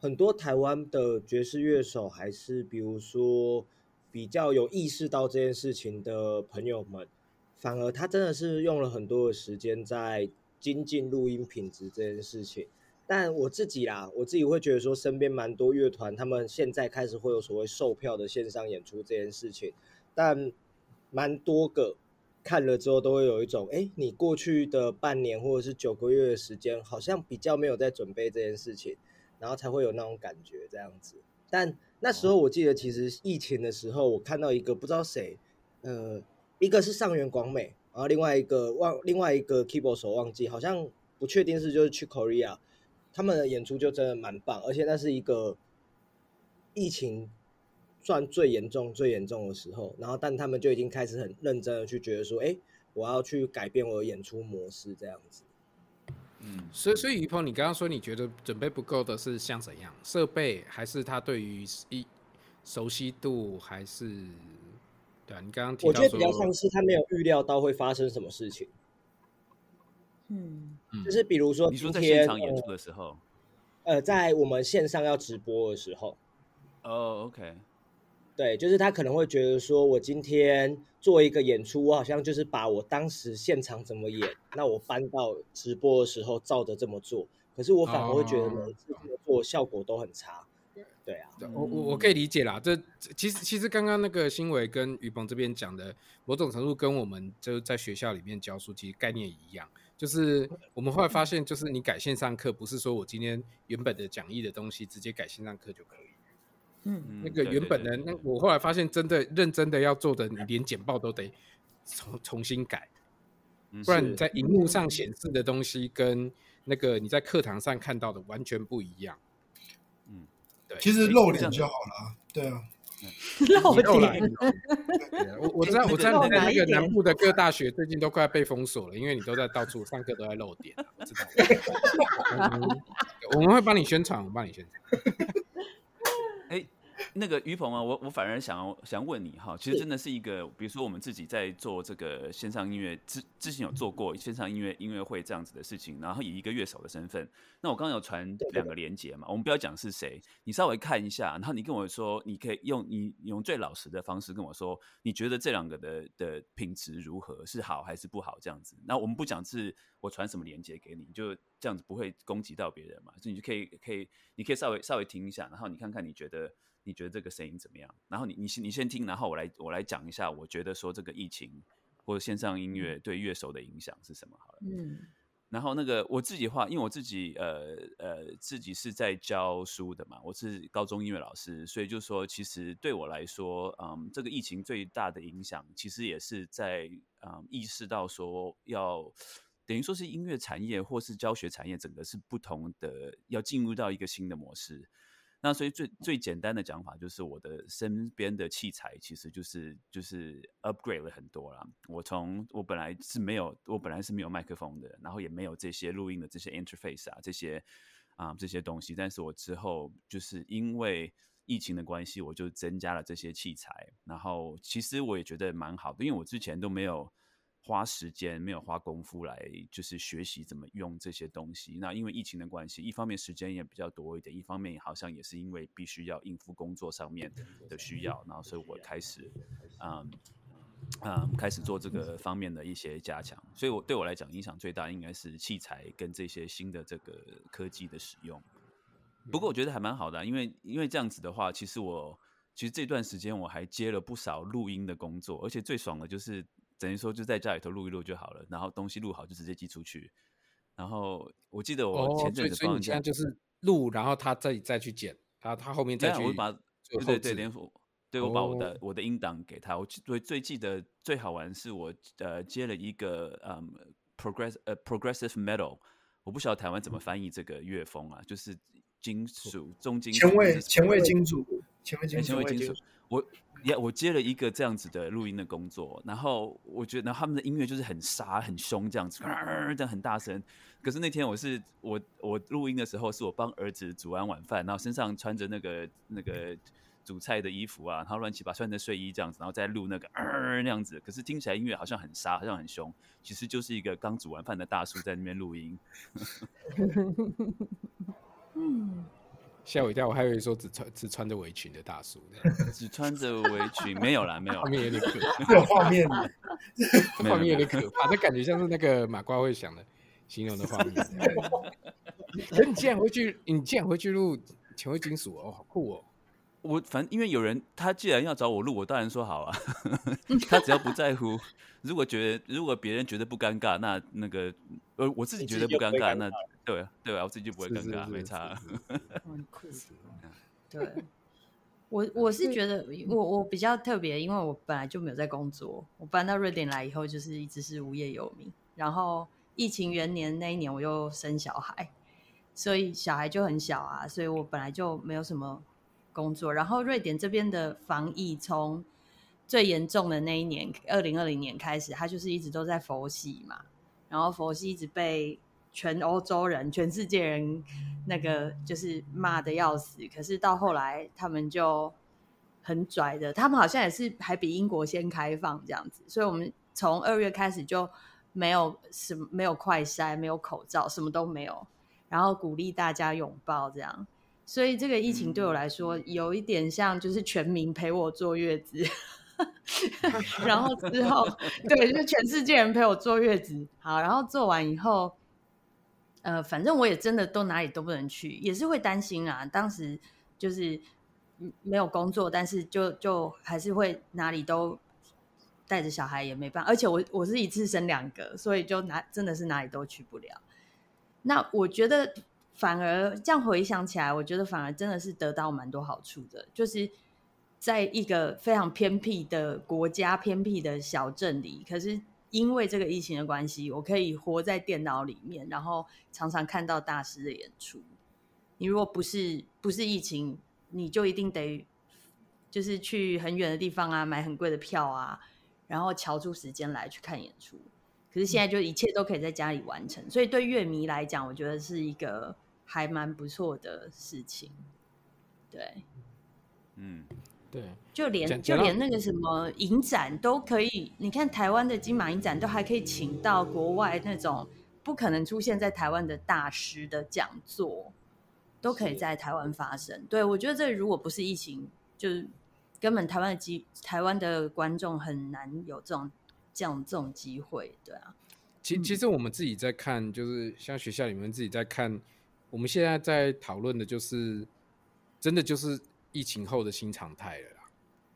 很多台灣的爵士樂手，還是比如說比較有意識到這件事情的朋友們，反而他真的是用了很多的時間在精進錄音品質這件事情。但我自己啦，我自己會覺得說，身邊蠻多樂團，他們現在開始會有所謂售票的線上演出這件事情，但蠻多個看了之後，都會有一種，哎，你過去的半年或者是九個月的時間，好像比較沒有在準備這件事情，然後才會有那種感覺這樣子。但那時候我記得，其實疫情的時候，我看到一個不知道誰，呃，一個是上原廣美，然後另外一個忘另外一個 keyboard 手忘記，好像不確定是就是去 Korea。他們的演出就真的蠻棒，而且那是一個疫情算最嚴重、最嚴重的時候，然後但他們就已經開始很認真的去覺得說：“哎，我要去改變我的演出模式。”這樣子。嗯，所以，所以於鵬，你剛剛說你覺得準備不夠的是像怎樣？設備還是他對於一熟悉度，還是對啊，你剛剛提到我覺得比較像是他沒有預料到會發生什麼事情。嗯。嗯、就是比如說，今天你說在現場演出的時候，呃，在我們線上要直播的時候，哦、oh,，OK，對，就是他可能會覺得說，我今天做一個演出，我好像就是把我當時現場怎麼演，那我翻到直播的時候照着這麼做，可是我反而會覺得呢，oh, 自己的做效果都很差。對啊，我我我可以理解啦。這，這其實其實剛剛那個忻薇跟於鵬這邊講的，某種程度跟我們就在學校裡面教書其實概念一樣。就是我們後來發現，就是你改線上課，不是說我今天原本的講義的東西直接改線上課就可以。嗯，那個原本的那、嗯、我後來發現，真的認真的要做的，你連簡報都得重重新改，嗯、不然你在熒幕上顯示的東西跟那個你在課堂上看到的完全不一樣。嗯，對，其實露臉就好了。嗯、對啊。漏、嗯、點，點我我知道，我知道你在那個南部的各大學最近都快要被封鎖了，因為你都在到處上課都在漏點、啊， [LAUGHS] 我知道，我們會幫你宣傳，我幫你宣傳。 [LAUGHS] [LAUGHS] 那個於鵬啊，我我反而想要想問你哈，其實真的是一個，比如說我們自己在做這個線上音樂，之之前有做過線上音樂音樂會這樣子的事情，然後以一個樂手的身份，那我剛剛有傳兩個連接嘛，對對對，我們不要講是誰，你稍微看一下，然後你跟我說，你可以用你用最老實的方式跟我說，你覺得這兩個的的品質如何，是好還是不好這樣子？那我們不講是我傳什麼連接給你，就這樣子不會攻擊到別人嘛，所以你就可以可以，你可以稍微稍微聽一下，然後你看看你覺得。你覺得這個聲音怎麼樣？然後你你你先聽，然後我來我來講一下，我覺得說這個疫情或者線上音樂對樂手的影響是什麼？好了，嗯，然後那個我自己的話，因為我自己呃呃自己是在教書的嘛，我是高中音樂老師，所以就說其實對我來說，嗯，這個疫情最大的影響，其實也是在嗯，意識到說要等於說是音樂產業或是教學產業整個是不同的，要進入到一個新的模式。那所以最最簡單的講法就是，我的身邊的器材其實就是就是 upgrade 了很多啦。我從我本來是沒有，我本來是沒有麥克風的，然後也沒有這些錄音的這些 interface 啊，這些啊、呃、這些東西。但是我之後就是因為疫情的關係，我就增加了這些器材。然後其實我也覺得蠻好的，因為我之前都沒有。花時間，沒有花功夫來就是學習怎麼用這些東西。那因為疫情的關係，一方面時間也比較多一點，一方面好像也是因為必須要應付工作上面的需要，然後所以我開始，嗯嗯，開始做這個方面的一些加強。所以我，我對我來講影響最大應該是器材跟這些新的這個科技的使用。不過我覺得還蠻好的啊，因為因為這樣子的話，其實我其實這段時間我還接了不少錄音的工作，而且最爽的就是。等於說就在家裡頭錄一錄就好了，然後東西錄好就直接寄出去。然後我記得我前陣子放一下，就是錄，然後他再再去剪，啊，他後面再去，對，啊、對對對連我對、哦、我把我的我的音檔給他。我最最記得最好玩是我呃接了一個嗯、um, Progress 呃、uh, Progressive Metal，我不曉得台灣怎麼翻譯這個樂風啊，嗯、就是金屬中金屬前衛前衛金屬。前面前面我接 [COUGHS] 我接了一個這樣子的錄音的工作，然後我覺得他們的音樂就是很殺、很兇這樣子，這、呃、樣很大聲。可是那天我是我我錄音的時候，是我幫兒子煮完晚飯，然後身上穿着那個那個煮菜的衣服啊，然後亂七八穿著睡衣這樣子，然後再錄那個那、呃、樣子。可是聽起來音樂好像很殺、好像很兇，其實就是一個剛煮完飯的大叔在那邊錄音。 [LAUGHS] [LAUGHS] 嚇我一跳，我還以為說只穿只穿着圍裙的大叔，只穿着圍裙 [LAUGHS] 沒有啦，沒有，後面有點可怕，畫 [LAUGHS] 面，這畫面有點可怕， [LAUGHS] 這怕 [LAUGHS] 感覺像是那個馬瓜會想的形容的畫面。你竟然回去，你竟然回去錄前衛金屬，哦，好酷哦！我反正因為有人，他既然要找我錄，我當然說好啊。 [LAUGHS] [LAUGHS] 他只要不在乎，如果覺得如果別人覺得不尷尬，那那個呃，我自己覺得不尷尬，那對啊對啊，我自己就不會尷尬，沒差。很酷。對，我我是覺得我我比較特別，因為我本來就沒有在工作。我搬到瑞典來以後，就是一直是無業遊民。然後疫情元年那一年，我又生小孩，所以小孩就很小啊，所以我本來就沒有什麼。工作，然後瑞典這邊的防疫從最嚴重的那一年，二零二零年開始，他就是一直都在佛系嘛，然後佛系一直被全歐洲人、全世界人那個就是罵得要死。可是到後來，他們就很拽的，他們好像也是還比英國先開放這樣子，所以我們從二月開始就沒有什麼，沒有快篩、沒有口罩、什麼都沒有，然後鼓勵大家擁抱這樣。所以這個疫情對我來說、嗯，有一點像，就是全民陪我坐月子， [LAUGHS] 然後之後 [LAUGHS] 對，就全世界人陪我坐月子。好，然後坐完以後，呃，反正我也真的都哪裡都不能去，也是會擔心啊。當時就是沒有工作，但是就就還是會哪裡都帶着小孩也沒辦法，而且我我是一次生兩個，所以就哪真的是哪裡都去不了。那我覺得。反而這樣回想起來，我覺得反而真的是得到蠻多好處的。就是在一個非常偏僻的國家、偏僻的小鎮裡，可是因為這個疫情的關係，我可以活在電腦裡面，然後常常看到大師的演出。你如果不是不是疫情，你就一定得就是去很遠的地方啊，買很貴的票啊，然後喬出時間來去看演出。可是現在就一切都可以在家裡完成，嗯、所以對樂迷來講，我覺得是一個。還蠻不錯的事情，對，嗯，對，就連就連那個什麼影展都可以，你看台灣的金馬影展都還可以請到國外那種不可能出現在台灣的大師的講座，都可以在台灣發生。是對，我覺得這如果不是疫情，就是根本台灣的機台灣的觀眾很難有這種這樣這種機會，對啊。其其實我們自己在看，就是像學校裡面自己在看。我們現在在討論的就是，真的就是疫情後的新常態了啦。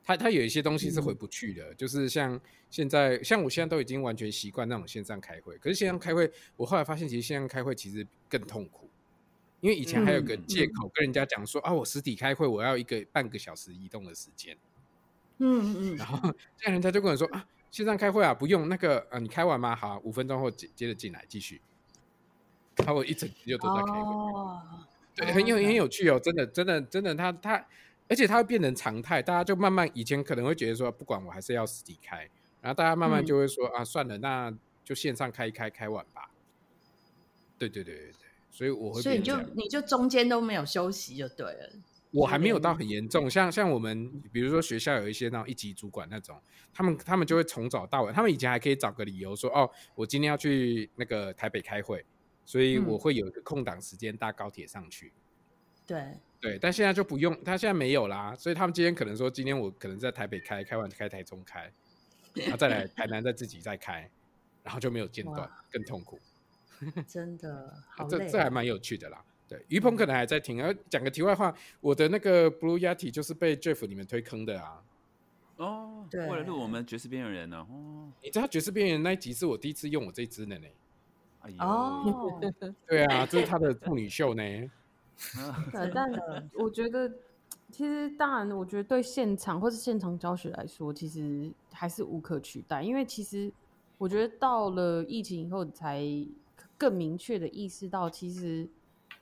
它它有一些東西是回不去的，嗯、就是像現在，像我現在都已經完全習慣那種線上開會。可是線上開會，嗯、我後來發現，其實線上開會其實更痛苦，因為以前還有個借口跟人家講說啊、嗯哦，我實體開會，我要一個半個小時移動的時間。嗯嗯。然後現在人家就跟我說啊，線上開會啊，不用那個、啊，你開完嗎？好、啊，五分鐘後接接着進來繼續。他會一整天就都在開會，oh, 對，oh, okay. 很有很有趣哦，真的真的真的，他他，而且他會變成常態，大家就慢慢以前可能會覺得說，不管我還是要實體開，然後大家慢慢就會說、嗯、啊，算了，那就線上開一開，開完吧。對對對對對，所以我會，所以你就你就中間都沒有休息就對了。我還沒有到很嚴重，是的。像像我們比如說學校有一些那種一級主管那種，他們他們就會從早到晚，他們以前還可以找個理由說，哦，我今天要去那個台北開會。所以我會有一個空檔時間搭高鐵上去，嗯。對對，但現在就不用，他現在沒有啦。所以他們今天可能說，今天我可能在台北開，開完開台中開，然後再來台南再自己再開， [LAUGHS] 然後就沒有間斷，哇更痛苦。 [LAUGHS] 真的，好啊，這這還蠻有趣的啦。對，於鵬可能還在聽。嗯、而講個題外話，我的那個 Blue Yeti 就是被 Jeff 裡面推坑的啊。哦，對，或者是我們爵士邊緣人呢？哦，你知道爵士邊緣人那一集是我第一次用我這支呢？哦，哎 oh. 對啊， [LAUGHS] 這是他的處女秀呢。 [LAUGHS] [LAUGHS] 但呢，我覺得，其實當然，我覺得對現場或是現場教學來說，其實還是無可取代。因為其實我覺得到了疫情以後，才更明確的意識到，其實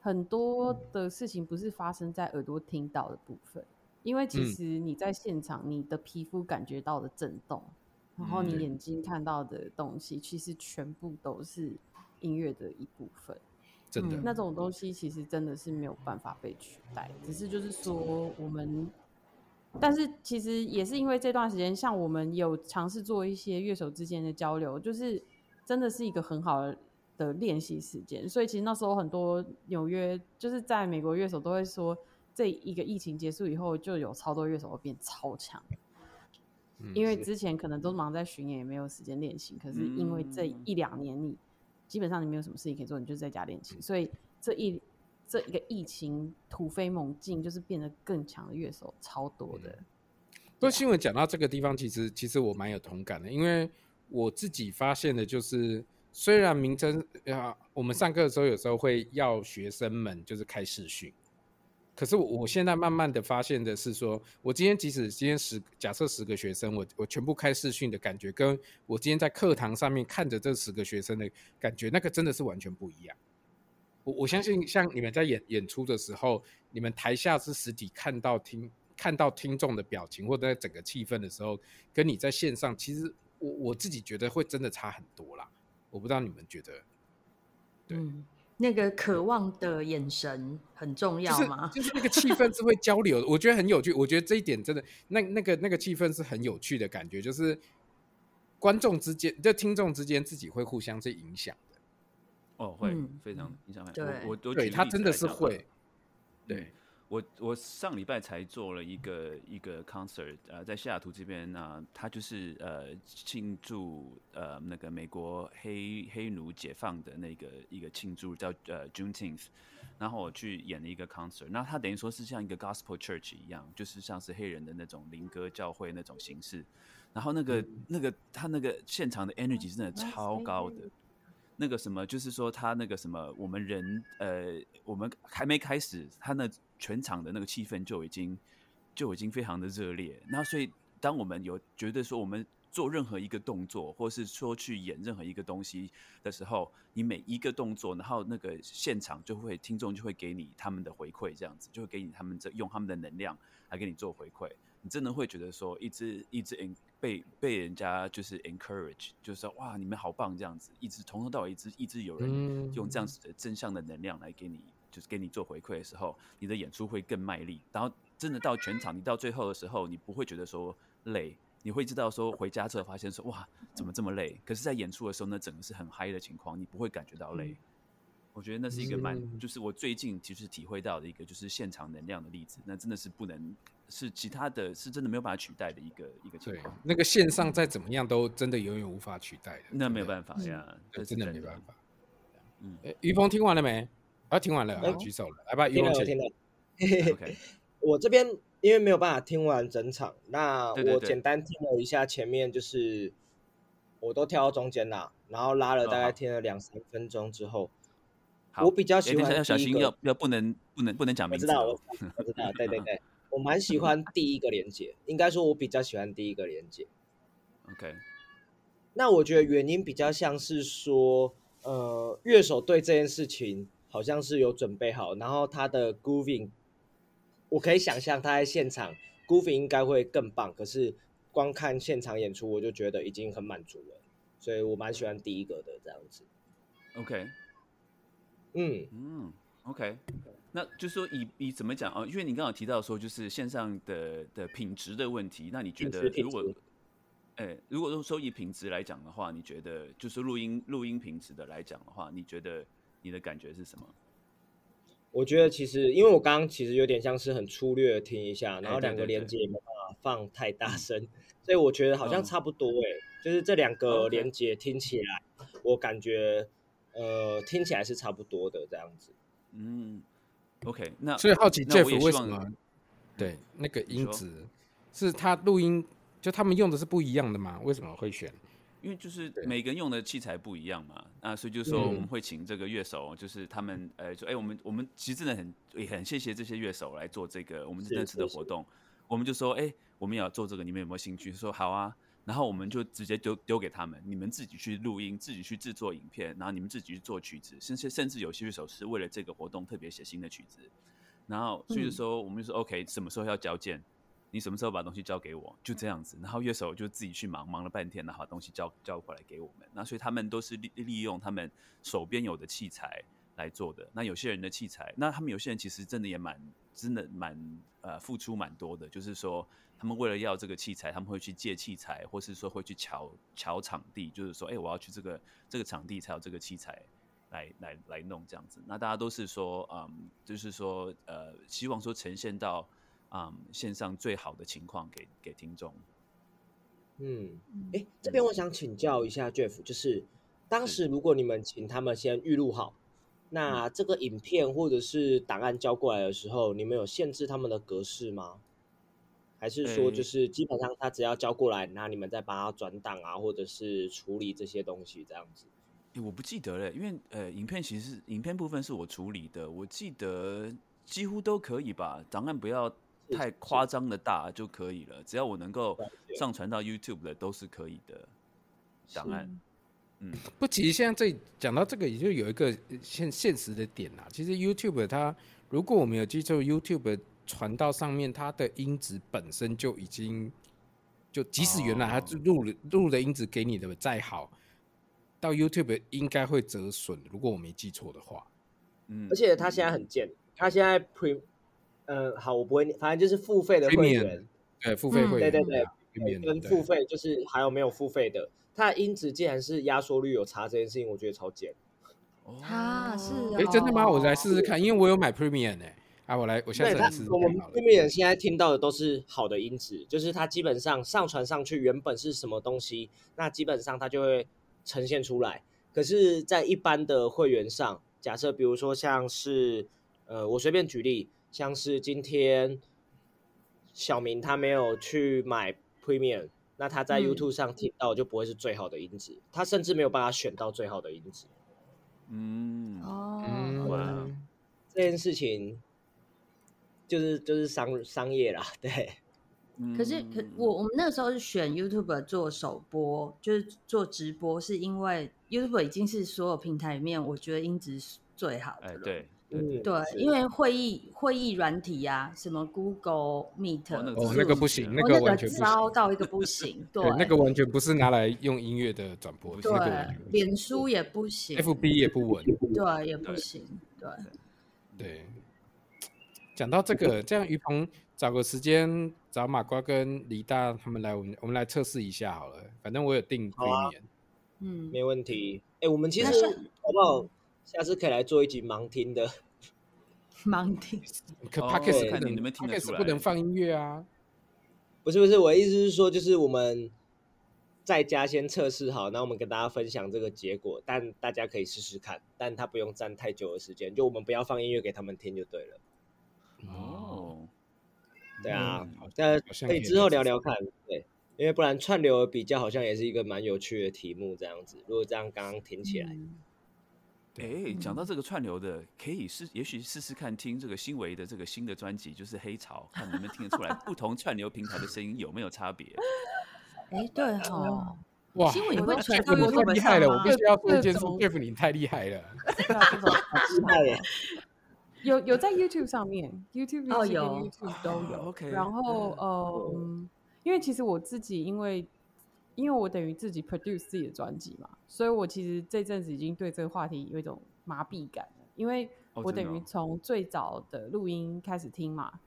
很多的事情不是發生在耳朵聽到的部分，因為其實你在現場，你的皮膚感覺到的震動，嗯、然後你眼睛看到的東西，其實全部都是。音樂的一部分，真的、嗯、那種東西，其實真的是沒有辦法被取代。只是就是說，我們，但是其實也是因為這段時間，像我們有嘗試做一些樂手之間的交流，就是真的是一個很好的練習時間。所以其實那時候很多紐約，就是在美國樂手都會說，這一個疫情結束以後，就有超多樂手會變超強。嗯、因為之前可能都忙在巡演，也沒有時間練習，可是因為這一兩年你。基本上你沒有什麼事情可以做，你就是在家練琴。所以這一、嗯、這一個疫情突飛猛進，就是變得更強的樂手超多的。不過、嗯、對新聞講到這個地方，其實其實我蠻有同感的，因為我自己發現的就是，雖然名稱啊、呃，我們上課的時候有時候會要學生們就是開視訊。可是我我現在慢慢的發現的是，說我今天即使今天十，假設十個學生，我我全部開視訊的感覺，跟我今天在課堂上面看着這十個學生的感覺，那個真的是完全不一樣。我我相信，像你們在演演出的時候，你們台下是實體看到聽看到聽眾的表情或者在整個氣氛的時候，跟你在線上，其實我我自己覺得會真的差很多啦。我不知道你們覺得，對。嗯那個渴望的眼神很重要嗎？就是、就是那個氣氛是會交流的， [LAUGHS] 我覺得很有趣。我覺得這一點真的，那那個那個氣氛是很有趣的感覺，就是觀眾之間，就聽眾之間，自己會互相去影響的。哦，會非常影響，對、嗯、我，我對，他真的是會，對。嗯我我上禮拜才做了一個 Okay. 一個 concert，呃，在西雅圖這邊呢，他、呃、就是呃慶祝呃那個美國黑黑奴解放的那個一個慶祝叫呃 Juneteenth，然後我去演了一個 concert，那他等於說是像一個 gospel church 一樣，就是像是黑人的那種靈歌教會那種形式，然後那個、mm. 那個他那個現場的 energy 真的超高的，mm. 那個什麼就是說他那個什麼我們人呃我們還沒開始他那。全場的那個氣氛就已經就已經非常的熱烈。那所以，當我們有覺得說我們做任何一個動作，或是說去演任何一個東西的時候，你每一個動作，然後那個現場就會，聽眾就會給你他們的回饋，這樣子就會給你他們這用他們的能量來給你做回饋。你真的會覺得說一直，一直一直被被人家就是 encourage，就是說哇，你們好棒這樣子，一直從頭到尾一直一直有人用這樣子的正向的能量來給你。就是給你做回饋的時候，你的演出會更賣力。然後真的到全場，你到最後的時候，你不會覺得說累，你會知道說回家之後發現說哇，怎麼這麼累？可是，在演出的時候，那整個是很嗨的情況，你不會感覺到累。嗯，我覺得那是一個蠻，是就是我最近其實體會到的一個就是現場能量的例子。那真的是不能是其他的是真的沒有辦法取代的一個一個情況。那個線上再怎麼樣，都真的永遠無法取代的。的那沒有辦法呀是真，真的沒辦法。嗯，哎，於峰聽完了沒？啊，聽完了，那、啊、舉手了，來吧，有嗎？我聽到了， [LAUGHS] 我這邊因為沒有辦法聽完整場，那我簡單聽了一下前面，就是我都跳到中間了，然後拉了大概聽了兩三分鐘之後，哦、好，我比較喜歡第一個，要、欸欸欸、小心要，不能不能不能講名字，我知道，我知道，對對對，我蠻喜歡第一個連接， [LAUGHS] 應該說我比較喜歡第一個連接。OK，那我覺得原因比較像是說，呃，樂手對這件事情。好像是有準備好，然後他的 Grooving，我可以想象他在現場 Grooving 應該會更棒。可是光看現場演出，我就覺得已經很滿足了，所以我蠻喜歡第一個的這樣子。OK，嗯，嗯，OK，那就是說以以怎麼講啊、哦？因為你剛剛提到說就是線上的的品質的問題，那你覺得如果，欸、如果說以品質來講的話，你覺得就是錄音錄音品質的來講的話，你覺得？你的感覺是什麼？我覺得其實，因為我剛剛其實有點像是很粗略的聽一下，然後兩個連接也沒辦法放太大聲，哎、對對對，所以我覺得好像差不多，哎、欸，嗯、就是這兩個連接聽起來，嗯、我感覺、嗯、呃聽起來是差不多的這樣子。嗯，OK，那所以好奇 Jeff 我為什麼、嗯、對那個音質你說？是他錄音就他們用的是不一樣的嗎？為什麼我會選？因為就是每個人用的器材不一樣嘛，那對、啊、所以就是說我們會請這個樂手，就是他們，嗯、呃，說，哎、欸，我們我們其實真的很也很謝謝這些樂手來做這個我們這次的活動，是是是我們就說，哎、欸，我們也要做這個，你們有沒有興趣？說好啊，然後我們就直接丟丟給他們，你們自己去錄音，自己去制作影片，然後你們自己去做曲子，甚至甚至有些樂手是為了這個活動特別寫新的曲子，然後所以就說我們就說、嗯、，OK，什麼時候要交件？你什麼時候把東西交給我？就這樣子，然後樂手就自己去忙，忙了半天，然後把東西交交過來給我們。那所以他們都是利利用他們手邊有的器材來做的。那有些人的器材，那他們有些人其實真的也蠻真的蠻呃付出蠻多的。就是說，他們為了要這個器材，他們會去借器材，或是說會去喬喬場地。就是說，哎、欸，我要去這個這個場地才有這個器材來來來弄這樣子。那大家都是說，嗯，就是說，呃，希望說呈現到。啊，um, 線上最好的情況給給聽眾。嗯，哎、欸，這邊我想請教一下 Jeff，嗯、就是當時如果你們請他們先預錄好，是那這個影片或者是檔案交過來的時候，你們有限制他們的格式嗎？還是說就是基本上他只要交過來，那、欸、你們再把他轉檔啊，或者是處理這些東西這樣子？欸、我不記得了，因為呃，影片其實影片部分是我處理的，我記得幾乎都可以吧，檔案不要。太誇張的大就可以了，只要我能夠上傳到 YouTube 的都是可以的檔案。是的 嗯，不，其實現在這講到這個，也就有一個現現實的點啦。其實 YouTube 它，如果我沒有記錯，YouTube 傳到上面，它的音質本身就已經，就即使原來它錄了錄的音質給你的再好，到 YouTube 應該會折損，如果我沒記錯的話。嗯，嗯，而且它現在很賤，它現在 Pre。嗯、呃，好，我不會念，反正就是付費的會員，Premium, 對，付費會員，對對對，跟、嗯、付費就是還有沒有付費的，它的音質既然是壓縮率有差這件事情，我覺得超賤，啊、哦，是、哦，哎、欸，真的嗎？我來試試看，是因為我有買 Premium 哎、欸，啊，我來，我現在試。我們 Premium 現在聽到的都是好的音質，就是它基本上上傳上去原本是什麼東西，那基本上它就會呈現出來。可是，在一般的會員上，假設比如說像是，呃，我隨便舉例。像是今天小明他沒有去買 Premium，那他在 YouTube 上聽到就不會是最好的音質，嗯、他甚至沒有辦法選到最好的音質。嗯哦，哇，這件事情就是就是商商業啦，對。可是可我我們那時候是選 YouTube 做首播，就是做直播，是因為 YouTube 已經是所有平台裡面我覺得音質是最好的了。欸。對。對，因為會議會議軟體啊，什麼 Google Meet，哦那個不行，那個完全糟到一個不行，對，那個完全不是拿來用音樂的轉播。對，臉書也不行，FB 也不穩，對，也不行，對。對，講到這個，這樣於鵬找個時間找馬瓜跟李大他們來，我們我們來測試一下好了，反正我有定對面。好啊。嗯，沒問題。哎，我們其實好不好？下次可以來做一集盲聽的，盲聽，可 Pockets 看，你有沒有聽得出來？不能放音樂啊！不是不是，我的意思是說，就是我們在家先測試好，然後我們跟大家分享這個結果，但大家可以試試看，但它不用佔太久的時間，就我們不要放音樂給他們聽就對了。哦，對啊，大家可以之後聊聊看，對，因為不然串流比較好像也是一個蠻有趣的題目，這樣子。如果這樣剛剛聽起來。嗯哎，講到這個串流的，可以試，也許試試看聽這個忻薇的這個新的專輯，就是《黑潮》，看能不能聽得出來不同串流平台的聲音有沒有差別？哎，對好，哇，忻薇你會串流？厲害！我必須要說一件事，Jeff，你太厲害了。厲害。有有在 YouTube 上面，YouTube 哦，有都有 OK。然後，嗯，因為其實我自己因為。因為我等於自己 produce 自己的專輯嘛，所以我其實這陣子已經對這個話題有一種麻痹感了，因為我等於從最早的錄音開始聽嘛，哦哦、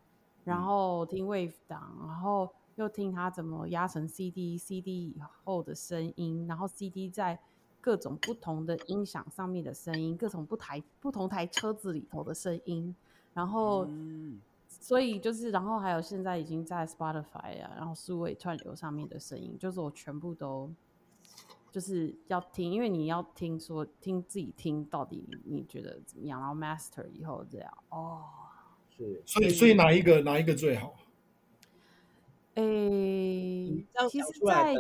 然後聽 wave 檔，然後又聽他怎麼壓成 CD，CD、嗯、CD 以後的聲音，然後 CD 在各種不同的音響上面的聲音，各種不台、不同台車子裡頭的聲音，然後。嗯所以就是，然後還有現在已經在 Spotify 啊，然後數位串流上面的聲音，就是我全部都就是要聽，因為你要聽說聽自己聽，到底你，你覺得怎麼樣？然後 Master 以後這樣哦，是，所以所以哪一個哪一個最好？誒、欸，其實，在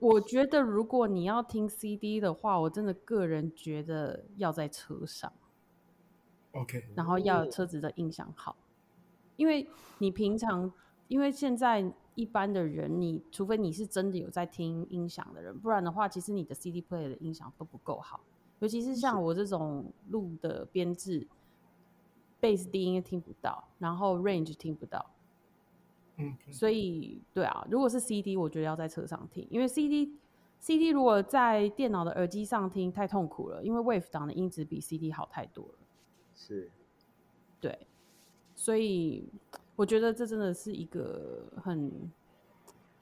我覺得，如果你要聽 CD 的話，我真的個人覺得要在車上 OK，然後要有車子的印象音響好。嗯因為你平常，因為現在一般的人你，你除非你是真的有在聽音響的人，不然的話，其實你的 CD player 的音響都不夠好，尤其是像我這種錄的編制，Bass 低是音，音聽不到，然後 range 聽不到，嗯嗯、所以對啊，如果是 CD，我覺得要在車上聽，因為 CD，CD CD 如果在電腦的耳機上聽太痛苦了，因為 WAV 檔的音質比 CD 好太多了，是。所以我覺得這真的是一個很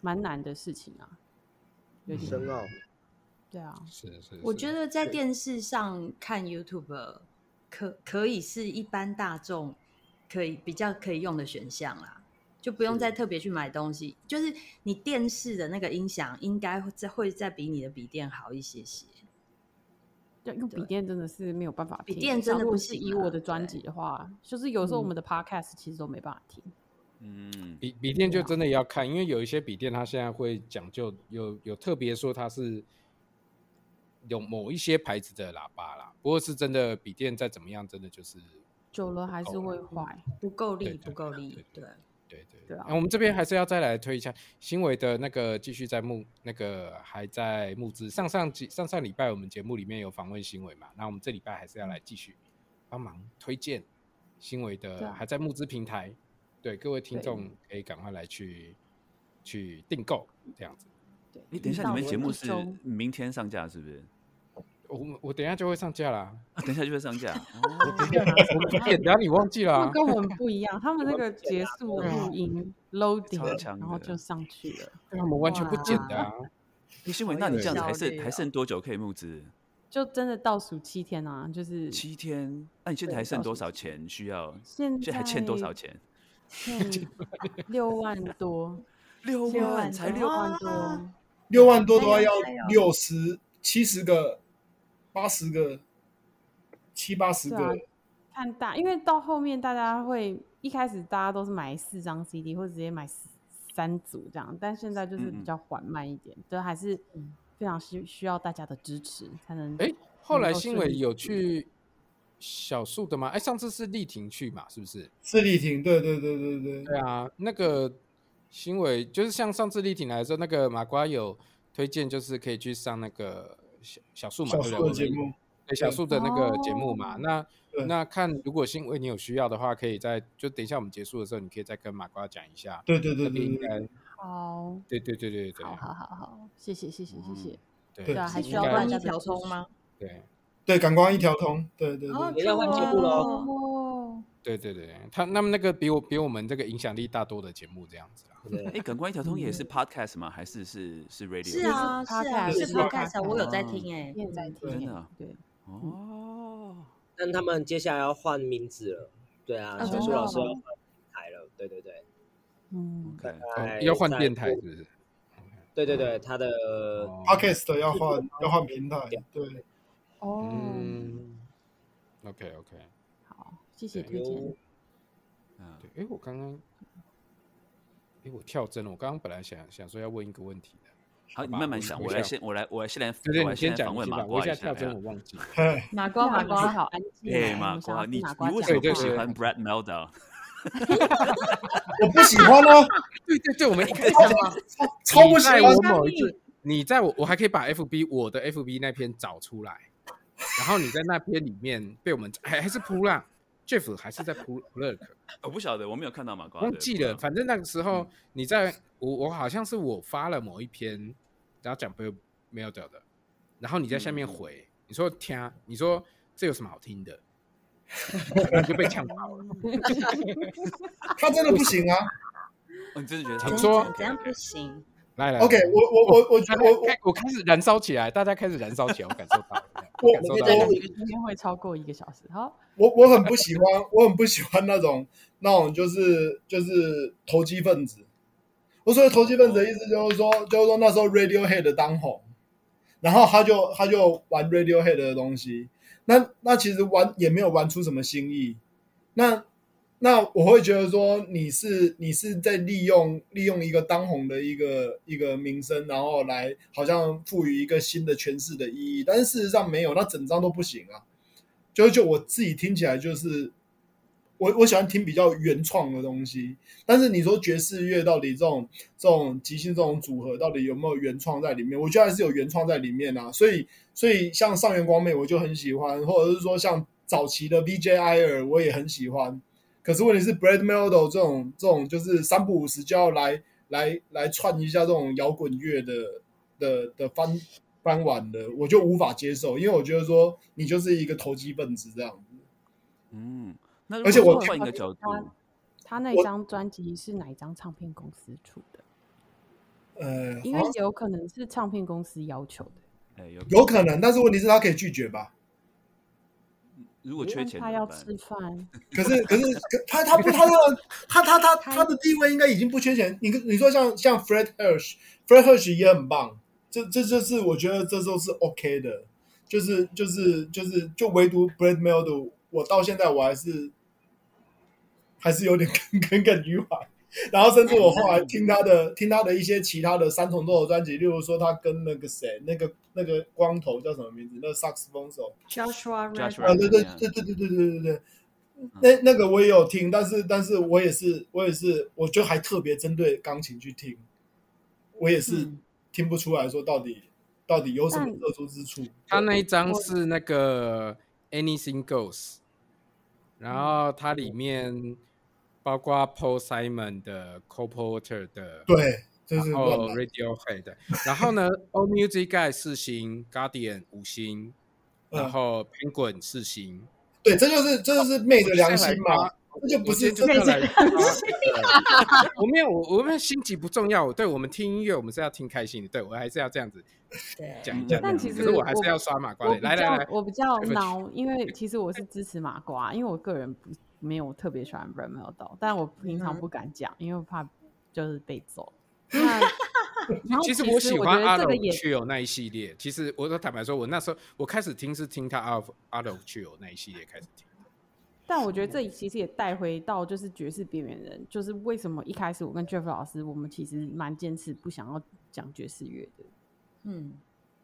蠻難的事情啊，有點深奧。嗯、對啊，是是。是是，我覺得在電視上看 YouTube 可是可以是一般大眾可以比較可以用的選項啦，就不用再特別去買東西。是，就是你電視的那個音響應該會再會再比你的筆電好一些些。用筆電真的是沒有辦法聽，筆電真的不是以我的專輯的話，對就是有時候我們的 Podcast 其實都沒辦法聽。嗯，筆筆電就真的要看，因為有一些筆電它現在會講究有，有有特別說它是有某一些牌子的喇叭啦。不過是真的筆電再怎麼樣，真的就是久了還是會壞，不夠力，不夠力，對。對對對啊！那、啊啊、我們這邊還是要再來推一下忻薇的那個繼續在募那個還在募資。上上幾上上禮拜我們節目裡面有訪問忻薇嘛？那我們這禮拜還是要來繼續幫忙推薦忻薇的還在募資平台。對、啊、對各位聽眾可以趕快來去對去訂購這樣子。對，你等一下，你們節目是明天上架是不是？我我等一下就會上架啦，等一下就會上架。我等一下，我不簡單，你忘記了？跟我們不一樣，他們那個結束錄音 loading 然後就上去了。他們完全不簡單。忻薇，那你這樣子還剩還剩多久可以募資？就真的倒數七天啊！就是七天。那你現在還剩多少錢？需要現在還欠多少錢？六萬多，六萬才六萬多，六萬多的話要六十七十個。八十個，七八十個、啊，看大，因為到後面大家會一開始大家都是買四張 CD，或者直接買三組這樣，但現在就是比較緩慢一點，嗯、就還是非常需需要大家的支持才能,能。哎、欸，後來忻薇有去小樹的嗎？哎、欸，上次是麗婷去嘛，是不是？是麗婷，對對對對對。對啊，那個忻薇就是像上次麗婷來的時候，那個馬瓜有推薦，就是可以去上那個。小樹嘛，對小樹的節目，小樹的那個節目嘛，對那對那看，如果是忻薇你有需要的話，可以在就等一下我們結束的時候，你可以再跟馬瓜講一下。對對對，應該好。對對對對對，好好好，謝謝謝謝謝謝。嗯、對，對還需要換一條通嗎？對對，感官一條通。對對對，不要換節目了哦。對對對，他那麼那個比我比我們這個影響力大多的節目這樣子啦。哎，感官一條通也是 podcast 嗎？還是是是 radio？是啊，是啊，是 podcast，我有在聽哎，我有在聽，真的對哦。那他們接下來要換名字了，對啊，小蘇老師要換平台了，對對對，嗯，OK 要換電台是不是？對對對，他的 podcast 要換要換平台，對哦，OK OK。謝謝推薦。啊，對，哎，我剛剛，哎，我跳針了。我剛剛本來想想說要問一個問題的。好，你慢慢想。我來先，我來，我先來。對，你先講，問馬哥。我現在跳針，我忘記了。馬哥，馬哥好。哎，馬哥，你你為什麼不喜歡 Brad Mehldau？我不喜歡哦。對對對，我們一開始超超愛我某一次，你在我，我還可以把 FB 我的 FB 那篇找出來，然後你在那篇裡面被我們還還是噗浪。Jeff 還是在 p w o r 我不曉得，我沒有看到嘛，我記得，反正那個時候，你在我，我好像是我發了某一篇，然後講沒有沒有掉的，然後你在下面回，你說天，你說這有什麼好聽的，就被嗆跑了。他真的不行啊！我真的覺得，你說這樣不行。來來，OK，我我我我我我開始燃燒起來，大家開始燃燒起來，我感受到。我我我今天會超過一個小時哈。好，我我很不喜歡，我很不喜歡那種那種就是就是投機分子。我所謂投機分子的意思就是說，哦、就是就是說那時候 Radiohead 當紅，然後他就他就玩 Radiohead 的東西，那那其實玩也沒有玩出什麼新意。那那我會覺得說你是你是在利用利用一個當紅的一個一個名聲，然後來好像賦予一個新的詮釋的意義，但是事實上沒有，那整張都不行啊。就是就我自己聽起來就是我我喜歡聽比較原創的東西，但是你說爵士樂到底這種這種即興這種組合到底有沒有原創在裡面？我覺得還是有原創在裡面啊。所以所以像上原光美我就很喜歡，或者是說像早期的 Vijay Iyer 我也很喜歡。可是問題是，Brad Mehldau 這種這種就是三不五時就要來來來串一下這種搖滾樂的的的翻翻玩的，我就無法接受，因為我覺得說你就是一個投機分子這樣子。嗯，而且我換一個角度我，他他那張專輯是哪一張唱片公司出的？我呃，因為有可能是唱片公司要求的，嗯、有，可有可能，但是問題是他可以拒絕吧？如果缺錢，他要吃飯。 [LAUGHS] 可是，可是，他他不，他要，他他他他的地位應該已經不缺錢。你跟你說像像 Fred Hirsch，Fred Hirsch 也很棒。這這這是我覺得這時候是 OK 的。就是就是就是，就唯獨 Brad Mehldau，我到現在我還是還是有點耿耿耿於懷。 [LAUGHS] 然後，甚至我後來聽他的， [LAUGHS] 聽他的一些其他的三重奏的專輯，例如說他跟那個誰，那個那個光頭叫什麼名字？那薩克斯風手 Joshua Redman 啊，對對對對對對對對對，那那個我也有聽，但是但是我也是我也是，我就還特別針對鋼琴去聽，我也是聽不出來說到底到底有什麼特殊之處。但對他那一張是那個我 Anything Goes，然後它裡面。 [LAUGHS] 包括 Paul Simon 的 Cole Porter 的，對，然後 Radiohead，然後呢 All Music Guys 四星，Guardian 五星，然後 Penguin 四星，對，這就是這就是昧着良心嗎？這就不是這。我沒有，我我們心急不重要，對，我們聽音樂，我們是要聽開心的，對，我還是要這樣子講一下。但其實我還是要刷馬瓜。來來來，我比較惱，因為其實我是支持馬瓜，因為我個人不。沒有，我特別喜歡 b r a m l e d o，但我平常不敢講，嗯、因為我怕就是被揍。 [LAUGHS] 其實其實我喜歡阿龍曲友那一系列。其實我都坦白說，我那時候我開始聽是聽他阿阿龍曲友那一系列開始聽。但我覺得這其實也帶回到就是爵士邊緣人，就是為什麼一開始我跟 Jeff 老師，我們其實蠻堅持不想要講爵士樂的，嗯。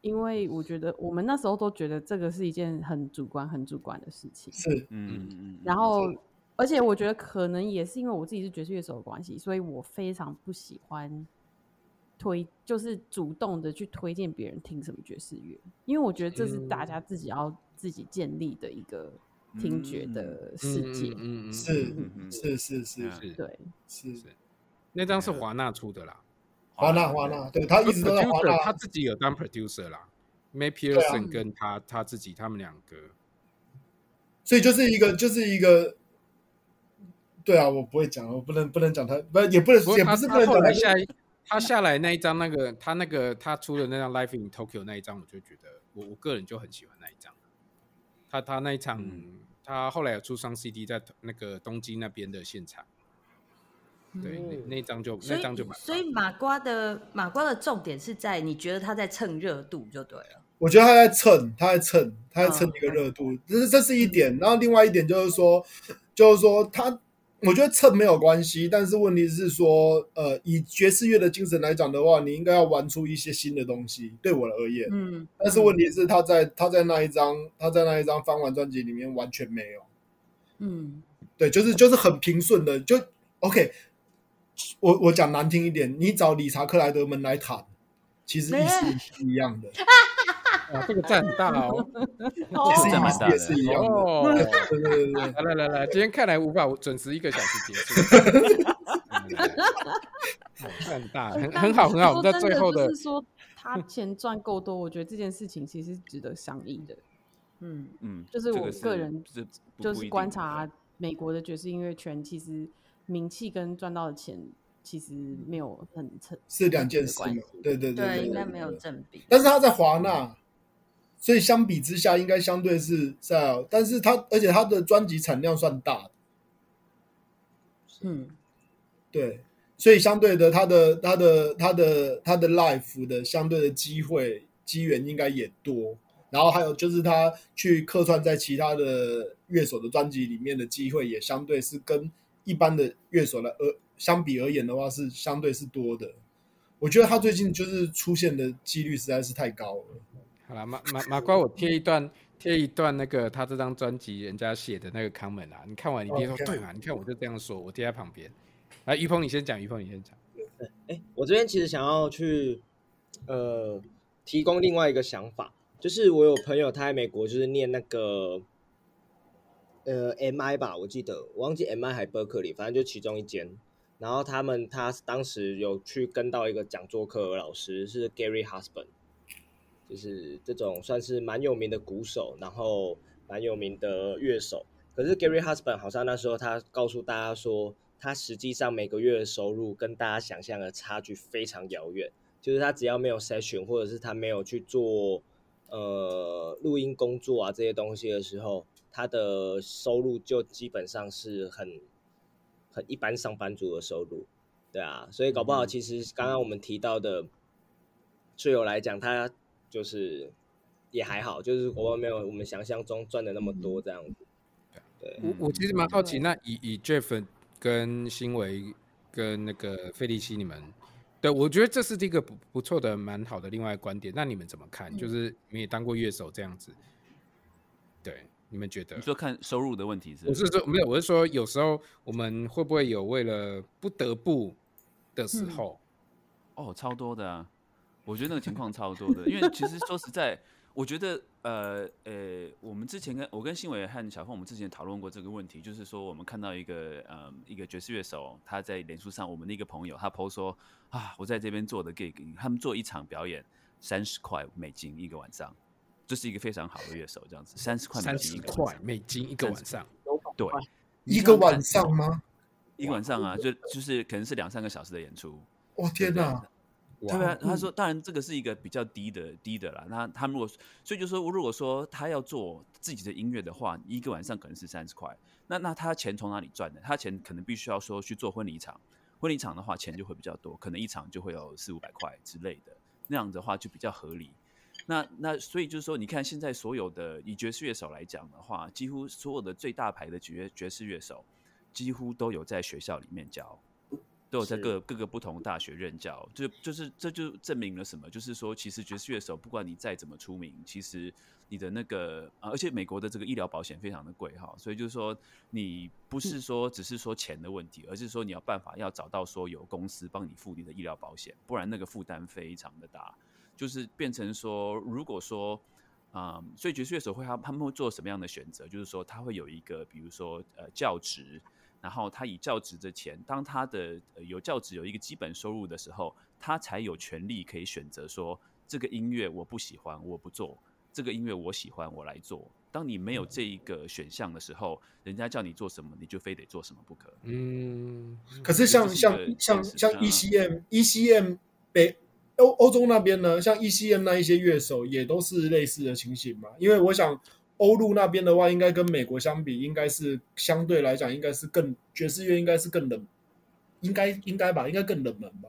因為我覺得我們那時候都覺得這個是一件很主觀、很主觀的事情。是，嗯嗯嗯。然後，而且我覺得可能也是因為我自己是爵士樂手的關係，所以我非常不喜歡推，就是主動的去推薦別人聽什麼爵士樂，因為我覺得這是大家自己要自己建立的一個聽覺的世界。嗯嗯,嗯,嗯,嗯,嗯,嗯,嗯,嗯，是，是是是是，對，是是。那張是華納出的啦。華納，華納、啊，對他一直都是、啊啊、cer, 他自己有當 producer 啦、嗯、，May Pearson 跟他他自己他們兩個、啊，所以就是一個就是一個，對啊，我不會講，我不能不能講他，不也不能說也不是不能講他來下來。他下來那一張，那個、嗯、他那個他出的那張 Live in Tokyo 那一張，我就覺得我我個人就很喜歡那一張。他他那一場，嗯、他後來有出雙 CD，在那個東京那邊的現場。對，那那張就、嗯、那張就買。所以馬瓜的馬瓜的重點是在你覺得他在蹭熱度就對了。我覺得他在蹭，他在蹭，他在蹭一個熱度，Okay. 這是這是一點。然後另外一點就是說，就是說他，我覺得蹭沒有關係。但是問題是說，呃，以爵士樂的精神來講的話，你應該要玩出一些新的東西。對我而言，嗯，但是問題是他在、嗯、他在那一張他在那一張翻玩專輯裡面完全沒有。嗯，對，就是就是很平順的，就 OK。我我講難聽一點，你找理查克萊德門來談，其實意思是一樣的。這個讚很大哦。意思也是一樣的。哦，對對對，來來來，今天看來無法準時一個小時結束。讚很大，很很好很好，在最後的。就是說他錢賺夠多，我覺得這件事情其實值得商議的。嗯嗯，就是我個人就是觀察美國的爵士音樂圈，其實。名氣跟賺到的錢其實沒有很成，是兩件事。對對對，應該沒有正比。但是他在華納，嗯，所以相比之下，應該相對是塞，但是他，而且他的專輯產量算大，嗯，對，所以相對的，他的，他的他的他的他的 life 的相對的機會機緣應該也多。然後還有就是他去客串在其他的樂手的專輯裡面的機會，也相對是跟。一般的樂手來而相比而言的話是相對是多的，我覺得他最近就是出現的幾率實在是太高了。好啦，馬馬馬瓜，我貼一段、嗯、貼一段那個他這張專輯人家寫的那個 comment 啊，你看完你別說對嘛，你看我就這樣說，我貼在旁邊。來，於峰你先講，於峰你先講。哎、嗯，我這邊其實想要去呃提供另外一個想法，就是我有朋友他在美國就是念那個。呃，M I 吧，我記得，我忘記 M I 還是 Berkeley，反正就其中一間。然後他們他當時有去跟到一個講座課的老師，是 Gary Husband，就是這種算是蠻有名的鼓手，然後蠻有名的樂手。可是 Gary Husband 好像那時候他告訴大家說，他實際上每個月的收入跟大家想象的差距非常遙遠。就是他只要沒有 session，或者是他沒有去做呃錄音工作啊這些東西的時候。他的收入就基本上是很很一般上班族的收入。對啊，所以搞不好其實剛剛我們提到的最後來講，嗯、他就是也還好，就是國外沒有我們想象中賺的那麼多這樣子。嗯、對，我我其實蠻好奇，嗯、那以、嗯、以 Jeff 跟忻薇、跟那個 Felicia 你們，對，我覺得這是一個不不錯的蠻好的另外一個觀點。那你們怎麼看？嗯、就是你也當過樂手這樣子，對。你們覺得？你說看收入的問題是不是？我是說沒有，我是說有時候我們會不會有為了不得不的時候？嗯、哦，超多的啊！我覺得那個情況超多的， [LAUGHS] 因為其實說實在，我覺得呃呃，我們之前跟我跟忻薇和筱楓，我們之前討論過這個問題，就是說我們看到一個呃一個爵士樂手，他在臉書上，我們的一個朋友他 PO 說啊，我在這邊做的 gig，他們做一場表演三十塊美金一個晚上。這是一個非常好的樂手，這樣子三十塊，三十塊美金一個晚上，晚上30，對，一個晚上嗎？對一個晚上啊，上啊哇就就是可能是兩三個小時的演出。哇天哪，對啊，對吧哇他說，當然這個是一個比較低的，嗯、低的了。那他們如果，所以就說，我如果說他要做自己的音樂的話，一個晚上可能是三十塊，那那他錢從哪裡賺的？他錢可能必須要說去做婚禮場，婚禮場的話錢就會比較多，可能一場就會有四五百塊之類的，那樣的話就比較合理。那那所以就是說，你看現在所有的以爵士樂手來講的話，幾乎所有的最大牌的爵爵士樂手，幾乎都有在學校裡面教，都有在各各個不同大學任教。是就就是這就證明了什麼？就是說，其實爵士樂手不管你再怎麼出名，其實你的那個啊，而且美國的這個醫療保險非常的貴哈，所以就是說，你不是說只是說錢的問題，嗯、而是說你要辦法要找到說有公司幫你付你的醫療保險，不然那個負擔非常的大。就是變成說，如果說，嗯、呃，所以爵士樂手會他他們會做什麼樣的選擇？就是說他會有一個，比如說呃教職，然後他以教職的錢，當他的、呃、有教職有一個基本收入的時候，他才有權利可以選擇說這個音樂我不喜歡，我不做這個音樂我喜歡，我來做。當你沒有這一個選項的時候，嗯、人家叫你做什麼，你就非得做什麼不可。嗯，啊、可是像像像像 ECM ECM 北。歐歐洲那邊呢，像 ECM 那一些樂手也都是類似的情形嘛。因為我想，歐陸那邊的話，應該跟美國相比，應該是相對來講，應該是更爵士樂應該是更冷，應該應該吧，應該更冷門吧。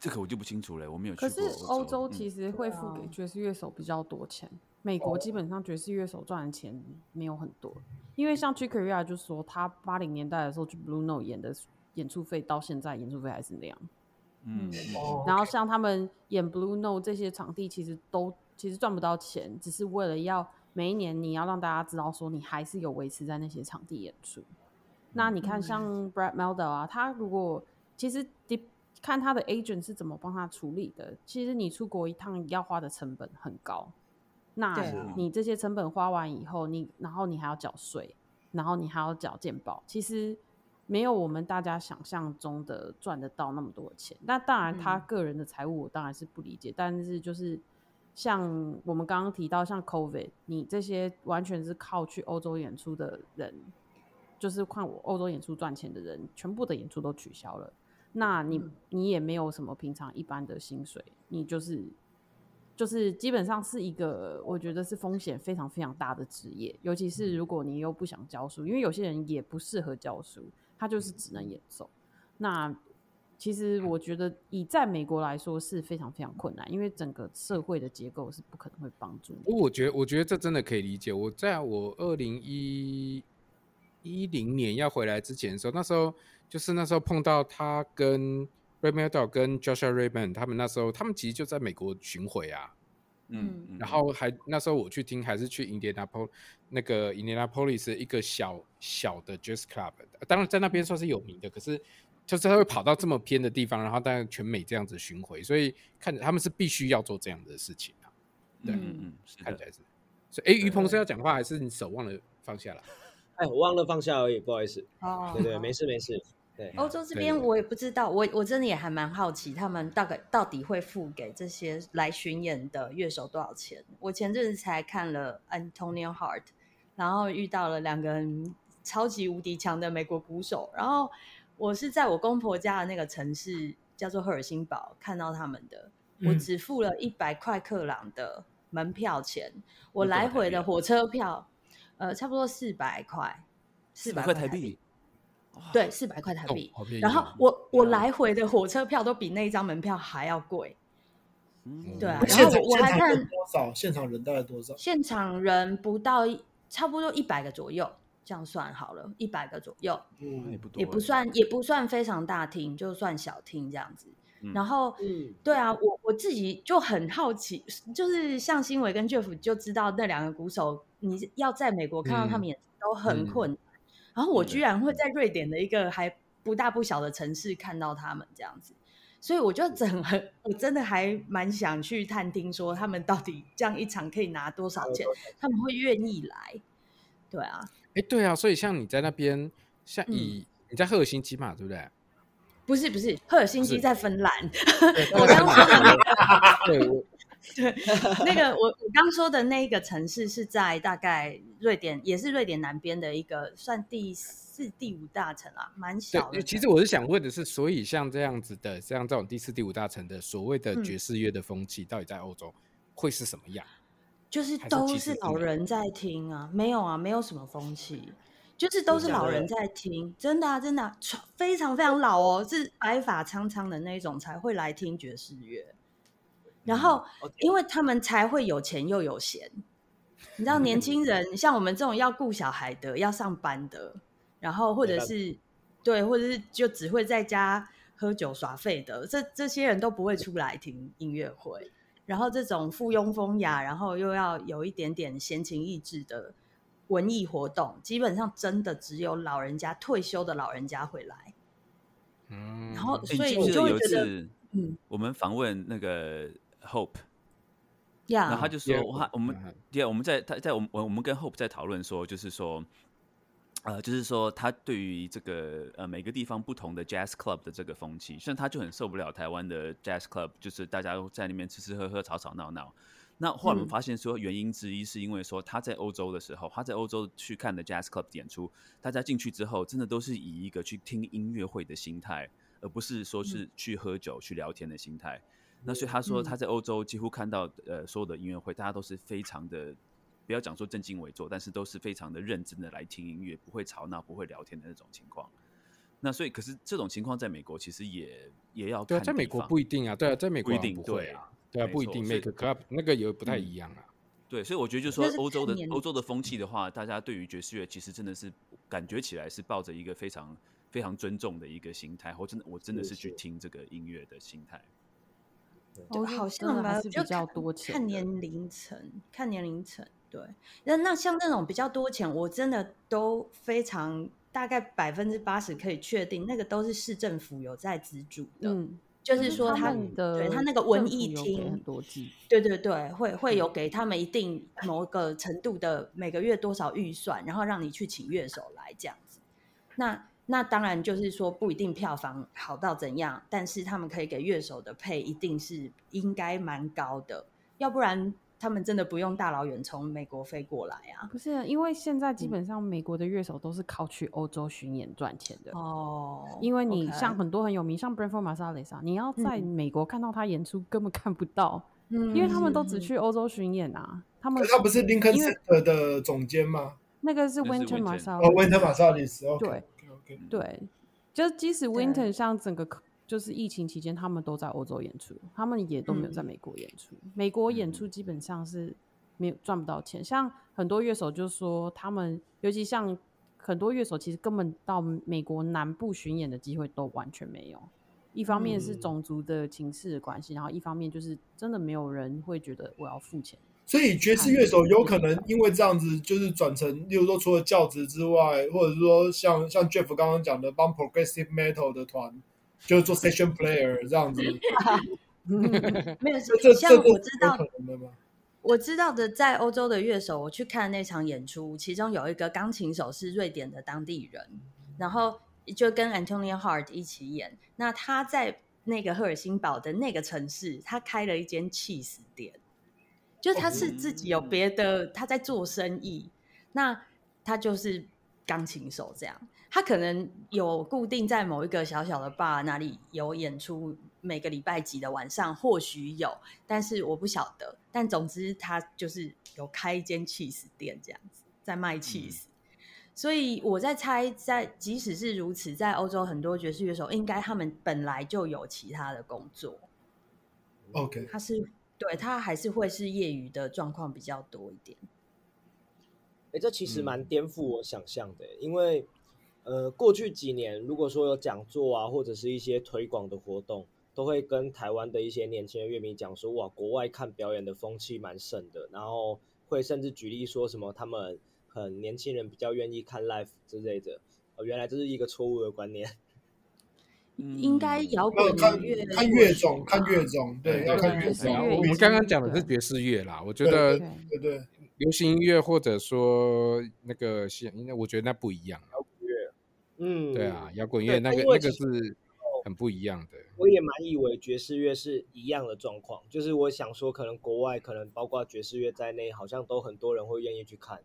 這個我就不清楚了，我沒有。可是歐洲其實會付給爵士樂手比較多錢，嗯嗯、美國基本上爵士樂手賺的錢沒有很多。哦、因為像 Chick Corea 就是說，他八零年代的時候去 Blue Note 演的演出費，到現在演出費還是那樣。嗯，哦、然後像他們演《Blue Note》這些場地其，其實都其實賺不到錢，只是為了要每一年你要讓大家知道說你還是有維持在那些場地演出。嗯、那你看像 Brad m e l d e l 啊，Brad Mehldau，他如果其實 ip, 看他的 agent 是怎麼幫他處理的，其實你出國一趟要花的成本很高。那你這些成本花完以後，你然後你還要繳稅，然後你還要繳健保，其實。沒有我們大家想象中的賺得到那麼多錢。那當然，他個人的財務我當然是不理解。嗯。但是就是像我們剛剛提到，像 COVID，你這些完全是靠去歐洲演出的人，就是看我歐洲演出賺錢的人，全部的演出都取消了。那你你也沒有什麼平常一般的薪水，你就是就是基本上是一個我覺得是風險非常非常大的職業，尤其是如果你又不想教書，因為有些人也不適合教書。他就是只能演奏。那其實我覺得，以在美國來說是非常非常困難，因為整個社會的結構是不可能會幫助你。我我覺得，我覺得這真的可以理解。我在我二零一，一零年要回來之前的時候，那時候就是那時候碰到他跟 Raymond 跟 Joshua Raymond，他們那時候他們其實就在美國巡迴啊。嗯，然後還、嗯、那時候我去聽，還是去 Indianapol 那個 Indianapolis 一個小小的 Jazz Club，當然在那邊算是有名的，可是就是他會跑到這麼偏的地方，然後在全美這樣子巡回，所以看著他們是必須要做這樣的事情，啊、對，嗯，嗯，看起來是。所以哎，於鵬是要講話還是你手忘了放下了？哎，我忘了放下而已，不好意思。哦、啊，對，對對，沒事沒事。啊、對對，歐洲這邊我也不知道，我我真的也還蠻好奇，他們大概到底會付給這些來巡演的樂手多少錢？我前陣子才看了 Antonio Hart，然後遇到了兩個超級無敵強的美國鼓手，然後我是在我公婆家的那個城市叫做赫爾辛堡看到他們的，嗯、我只付了一百塊克朗的門票錢，我來回的火車票，呃，差不多四百塊，四百塊台幣。對，四百塊台幣，哦、然後我我來回的火車票都比那一張門票還要貴。嗯，對啊，然後我我還看多少？現場人大概多少？現場人不到一，差不多一百個左右，這樣算好了，一百個左右。嗯，也不多，也不算，也不算非常大廳，就算小廳這樣子。嗯、然後，嗯，對啊，我我自己就很好奇，就是像忻薇跟 Jeff 就知道那兩個鼓手，你要在美國看到他們也都很困。嗯嗯然後我居然會在瑞典的一個還不大不小的城市看到他們這樣子，所以我就很，我真的還蠻想去探聽說他們到底這樣一場可以拿多少錢，他們會願意來，對啊、嗯，哎、嗯、對啊，所以像你在那邊，像以，嗯、你在赫爾辛基嘛，對不對？不是不是，赫爾辛基在芬蘭 [LAUGHS] ，我剛說的。對，我。 [LAUGHS] 對，那個我我剛說的那一個城市是在大概瑞典，也是瑞典南邊的一個算第四、第五大城啊，蠻小的。其實我是想問的是，所以像這樣子的，像這種第四、第五大城的所謂的爵士樂的風氣，到底在歐洲、嗯、會是什麼樣？就是都是老人在聽啊，沒有啊，沒有什麼風氣，嗯、就是都是老人在聽，嗯、真的啊，真的、啊，非常非常老哦，嗯、是白髮蒼蒼的那種才會來聽爵士樂。然後，因為他們才會有錢又有閒，你知道，年輕人像我們這種要顧小孩的、要上班的，然後或者是對，或者是就只會在家喝酒耍廢的，這這些人都不會出來聽音樂會。然後這種附庸風雅，然後又要有一點點閒情逸致的文藝活動，基本上真的只有老人家退休的老人家會來。然後所以你就會覺得、嗯，嗯，欸、有一次我們訪問那個。Hope，Yeah. 然後他就說：“我我們對，我們, Yeah. yeah, 我們在他在我我我們跟 Hope 在討論說，就是說，呃，就是說，他對於這個呃每個地方不同的 Jazz Club 的這個風氣，像他就很受不了台灣的 Jazz Club，就是大家都在那邊吃吃喝喝、吵吵鬧鬧。那後來我們發現說，原因之一是因為說他在歐洲的時候，嗯、他在歐洲去看的 Jazz Club 演出，大家進去之後，真的都是以一個去聽音樂會的心態，而不是說是去喝酒、嗯、去聊天的心態。”那所以他說他在歐洲幾乎看到呃所有的音樂會、嗯呃、會，大家都是非常的不要講說正襟危坐，但是都是非常的認真的來聽音樂，不會吵鬧，不會聊天的那種情況。那所以，可是這種情況在美國其實也也要對、啊，在美國不一定啊，對啊，在美國不一定對啊，對啊不一定。Make club 那個也不太一樣啊、嗯。對，所以我覺得就是說歐洲的歐洲的風氣的話，大家對於爵士樂其實真的是感覺起來是抱着一個非常非常尊重的一個心態，我真的我真的是去聽這個音樂的心態。是是哦，好像吧，比較多錢。看年齡層，看年齡層。對，那那像那種比較多錢，我真的都非常大概百分之八十可以確定，那個都是市政府有在資助的。嗯，就是說他，對，他那個文藝廳，很多金。對對對，會會有給他們一定某個程度的每個月多少預算，嗯、然後讓你去請樂手來這樣子。那那當然就是說不一定票房好到怎樣，但是他們可以給樂手的 pay 一定是應該蠻高的，要不然他們真的不用大老遠從美國飛過來啊。不是因為現在基本上美國的樂手都是靠去歐洲巡演賺錢的哦。嗯、因為你像很多很有名，像 Branford Marsalis 啊、嗯，你要在美國看到他演出根本看不到，嗯、因為他們都只去歐洲巡演啊。嗯、他們他不是 Lincoln Center 的總監嗎？為那個是 Wynton Marsalis，哦，Wynton Marsalis 對。對，就即使 Wynton 像整個就是疫情期間，他們都在歐洲演出，他們也都沒有在美國演出。嗯、美國演出基本上是沒有賺不到錢。嗯、像很多樂手就說，他們尤其像很多樂手，其實根本到美國南部巡演的機會都完全沒有。一方面是種族的情勢的關係，嗯、然後一方面就是真的沒有人會覺得我要付錢。所以爵士樂手有可能因為這樣子，就是轉成，例如說除了教職之外，或者是說像像 Jeff 剛剛講的，幫 Progressive Metal 的團，就是做 Session Player 這樣子。沒有這這這不可能的嗎？我知道的，在歐洲的樂手，我去看那場演出，其中有一個鋼琴手是瑞典的當地人，然後就跟 Antonio Hart 一起演。那他在那個赫爾辛堡的那個城市，他開了一間起司店。就他是自己有別的，okay, 他在做生意，嗯、那他就是鋼琴手這樣。他可能有固定在某一個小小的 bar 那裡有演出，每個禮拜幾的晚上或許有，但是我不曉得。但總之他就是有開一間起司店這樣子，在賣起司。嗯、所以我在猜，在即使是如此，在歐洲很多爵士樂手，應該他們本來就有其他的工作。OK，他是。對，他還是會是業餘的狀況比較多一點。哎、欸，這其實蠻顛覆我想象的，嗯、因為呃，過去幾年如果說有講座啊，或者是一些推廣的活動，都會跟台灣的一些年輕的樂迷講說，哇，國外看表演的風氣蠻盛的，然後會甚至舉例說什麼他們很年輕人比較願意看 live 之類的、呃，原來這是一個錯誤的觀念。應該搖滾樂、看樂種、看樂種，對，要看樂種。我們剛剛講的是爵士樂啦，我覺得，對對，流行音樂或者說那個，應該我覺得那不一樣。搖滾樂，嗯，對啊，搖滾樂那個那個是很不一樣的。我也蠻以為爵士樂是一樣的狀況，就是我想說，可能國外可能包括爵士樂在內，好像都很多人會願意去看。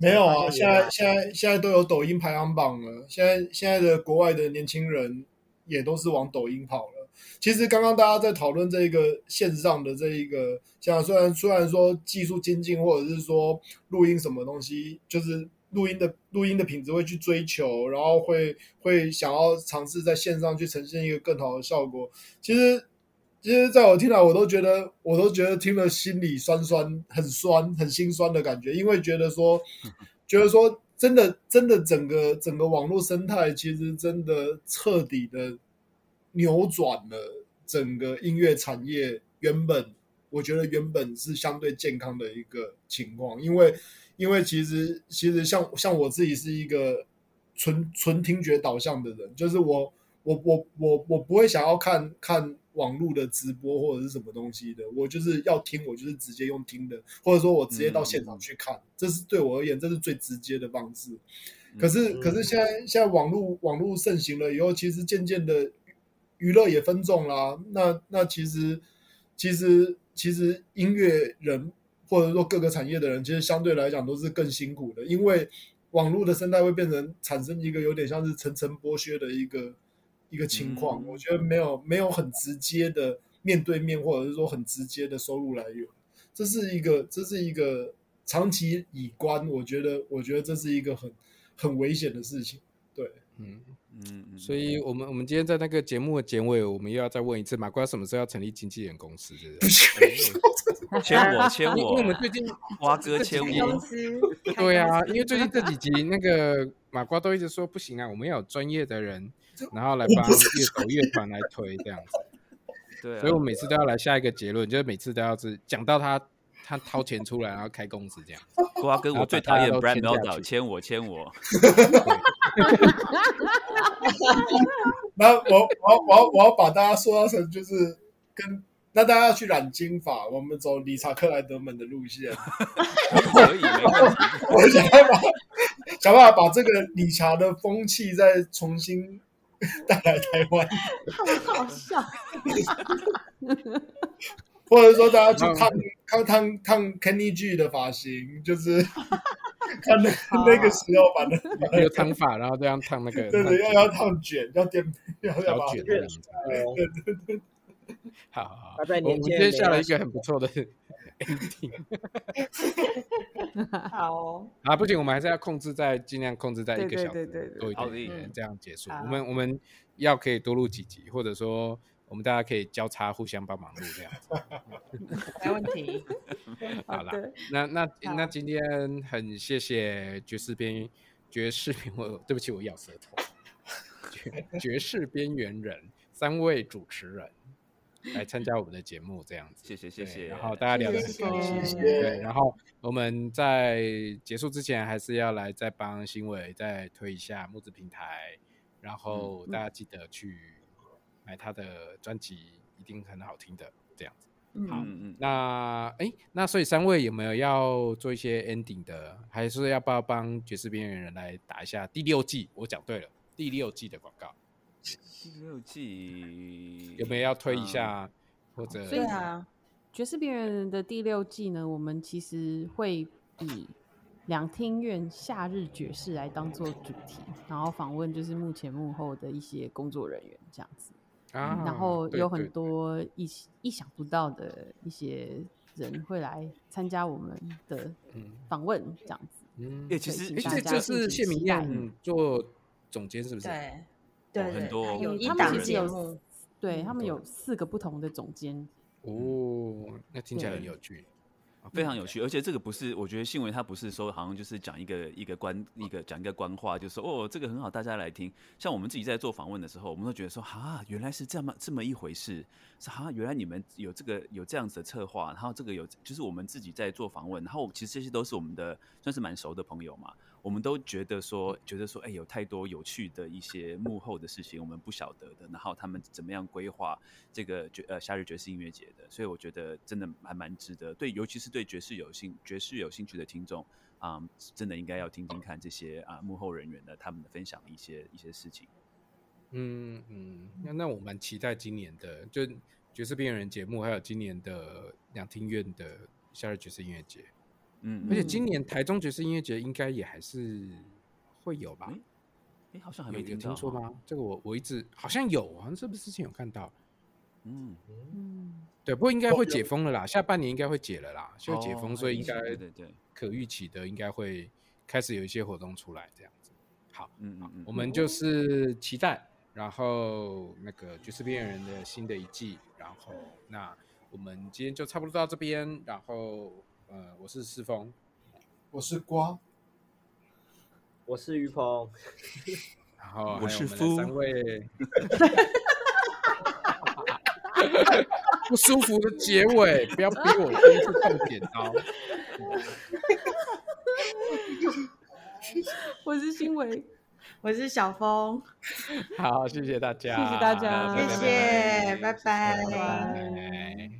沒有啊，現在現在現在都有抖音排行榜了，現在現在的國外的年輕人。也都是往抖音跑了。其實剛剛大家在討論這一個線上的這一個，像雖然雖然說技術精進，或者是說錄音什麼東西，就是錄音的錄音的品質會去追求，然後會會想要嘗試在線上去呈現一個更好的效果。其實其實，在我聽來，我都覺得我都覺得聽了心裡酸酸，很酸很心酸的感覺，因為覺得說，覺得說。真的，真的，整個整個網絡生態其實真的徹底的扭轉了整個音樂產業原本，我覺得原本是相對健康的一個情況，因為因為其實其實像像我自己是一個純純聽覺導向的人，就是我我我我我不會想要看看。網絡的直播或者是什麼東西的，我就是要聽，我就是直接用聽的，或者說我直接到現場去看，嗯、這是對我而言，這是最直接的方式。嗯、可是，可是現在現在網絡網絡盛行了以後，其實漸漸的娛樂也分眾啦、啊，那那其實其實其實音樂人或者說各個產業的人，其實相對來講都是更辛苦的，因為網絡的生態會變成產生一個有點像是層層剝削的一個。一個情況，嗯、我覺得沒有沒有很直接的面對面，或者是說很直接的收入來源，這是一個這是一個長期以觀，我覺得我覺得這是一個很很危險的事情。對，嗯嗯，所以我們我們今天在那個節目的結尾，我們又要再問一次馬瓜什麼時候要成立經紀人公司？是不是，簽我簽我，我我啊、因為我們最近瓜哥簽我， [LAUGHS] 對啊，因為最近這幾集那個馬瓜都一直說 [LAUGHS] 不行啊，我們要有專業的人。然後來把樂團樂團來推這樣子，不所以我每次都要來下一個結論， [LAUGHS] 就是每次都要是講到他他掏錢出來，然後開工資這樣。瓜哥，我最討厭 Brad Mehldau，簽我簽我。那我我我我我要把大家說到成就是跟那大家要去染金髮，我們走理查克萊德曼的路線。我想要想辦法把這個理查的風氣再重新帶 [LAUGHS] 來台灣，好搞笑， [LAUGHS] 或者說大家去燙燙燙看 Kenny G 的髮型，就是看那 [LAUGHS] 好 [LAUGHS] 那個時候反正有燙髮，然後這樣燙那個，對，對對，要要燙捲，要電要，點要捲，對對對，好，他在接，我們今天下了一個很不錯的。一定，好哦。啊，不行我們還是要控制在，盡量控制在一個小時多一點，對對對對對對對，這樣結束。嗯、我們我們要可以多錄幾集，嗯、或者說我們大家可以交叉互相幫忙錄，這樣子。沒問題。好了，那那那今天很謝謝爵士邊爵士邊我對不起我咬舌頭，絕爵士邊緣人三位主持人。 [LAUGHS] 來參加我們的節目，這樣子。謝謝謝謝，然後大家聊得很開心。對，然後我們在結束之前，還是要來再幫忻薇再推一下募資平台，然後大家記得去買他的專輯，一定很好聽的。這樣子，好，那哎，那所以三位有沒有要做一些 ending 的還是要不要幫《爵士邊緣人》來打一下第六季？我講對了，第六季的廣告。嗯嗯嗯。第六季有沒有要推一下？嗯、或者對啊，《爵士邊緣人》的第六季呢？我們其實會以兩廳院夏日爵士來當做主題，然後訪問就是目前幕後的一些工作人員這樣子。啊、嗯，然後有很多意意想不到的一些人會來參加我們的訪問這樣子。嗯，對，其實哎，這這是謝明諺做總監是不是？對。有、oh, 很多，有，他們其實有，嗯、對他們有四個不同的總監、嗯。哦，那聽起來很有趣，對 Okay. 非常有趣。而且這個不是，我覺得新聞它不是說好像就是講一個一個官一個講一個官話，就是，說哦這個很好，大家來聽。像我們自己在做訪問的時候，我們都覺得說啊原來是這麼這麼一回事，是啊原來你們有這個有這樣子的策劃，然後這個有就是我們自己在做訪問，然後其實這些都是我們的算是蠻熟的朋友嘛。我們都覺得說，覺得說，哎，有太多有趣的一些幕後的事情，我們不曉得的。然後他們怎麼樣規劃這個爵呃夏日爵士音樂節的？所以我覺得真的還蠻值得。對，尤其是對爵士有興爵士有興趣的聽眾啊、嗯，真的應該要聽聽看這些、哦、啊幕後人員的他們的分享的一些一些事情。嗯嗯，那、嗯、那我蠻期待今年的，就爵士邊緣人節目，還有今年的兩廳院的夏日爵士音樂節。嗯，而且今年台中爵士音樂節應該也還是會有吧？哎、欸欸，好像還沒聽，啊、有，有聽說嗎？這個我我一直好像有啊，是不是之前有看到？嗯，嗯，對，不過應該會解封了啦，哦、下半年應該會解了啦，需要解封，哦、所以應該對對，可預期的應該會開始有一些活動出來這樣子。好，嗯嗯，嗯嗯我們就是期待，嗯、然後那個爵士邊緣人的新的一季，哇然後那我們今天就差不多到這邊，然後。我是世峰，我是瓜，我是於鵬， [LAUGHS] 然後我，我是夫，三 [LAUGHS] 位 [LAUGHS] 不舒服的結尾，不要逼我第一次用剪刀。 [LAUGHS] 嗯、我是新偉，我是小峰。 [LAUGHS] 好，謝謝大家，謝謝大家，謝謝，拜拜。拜拜拜拜。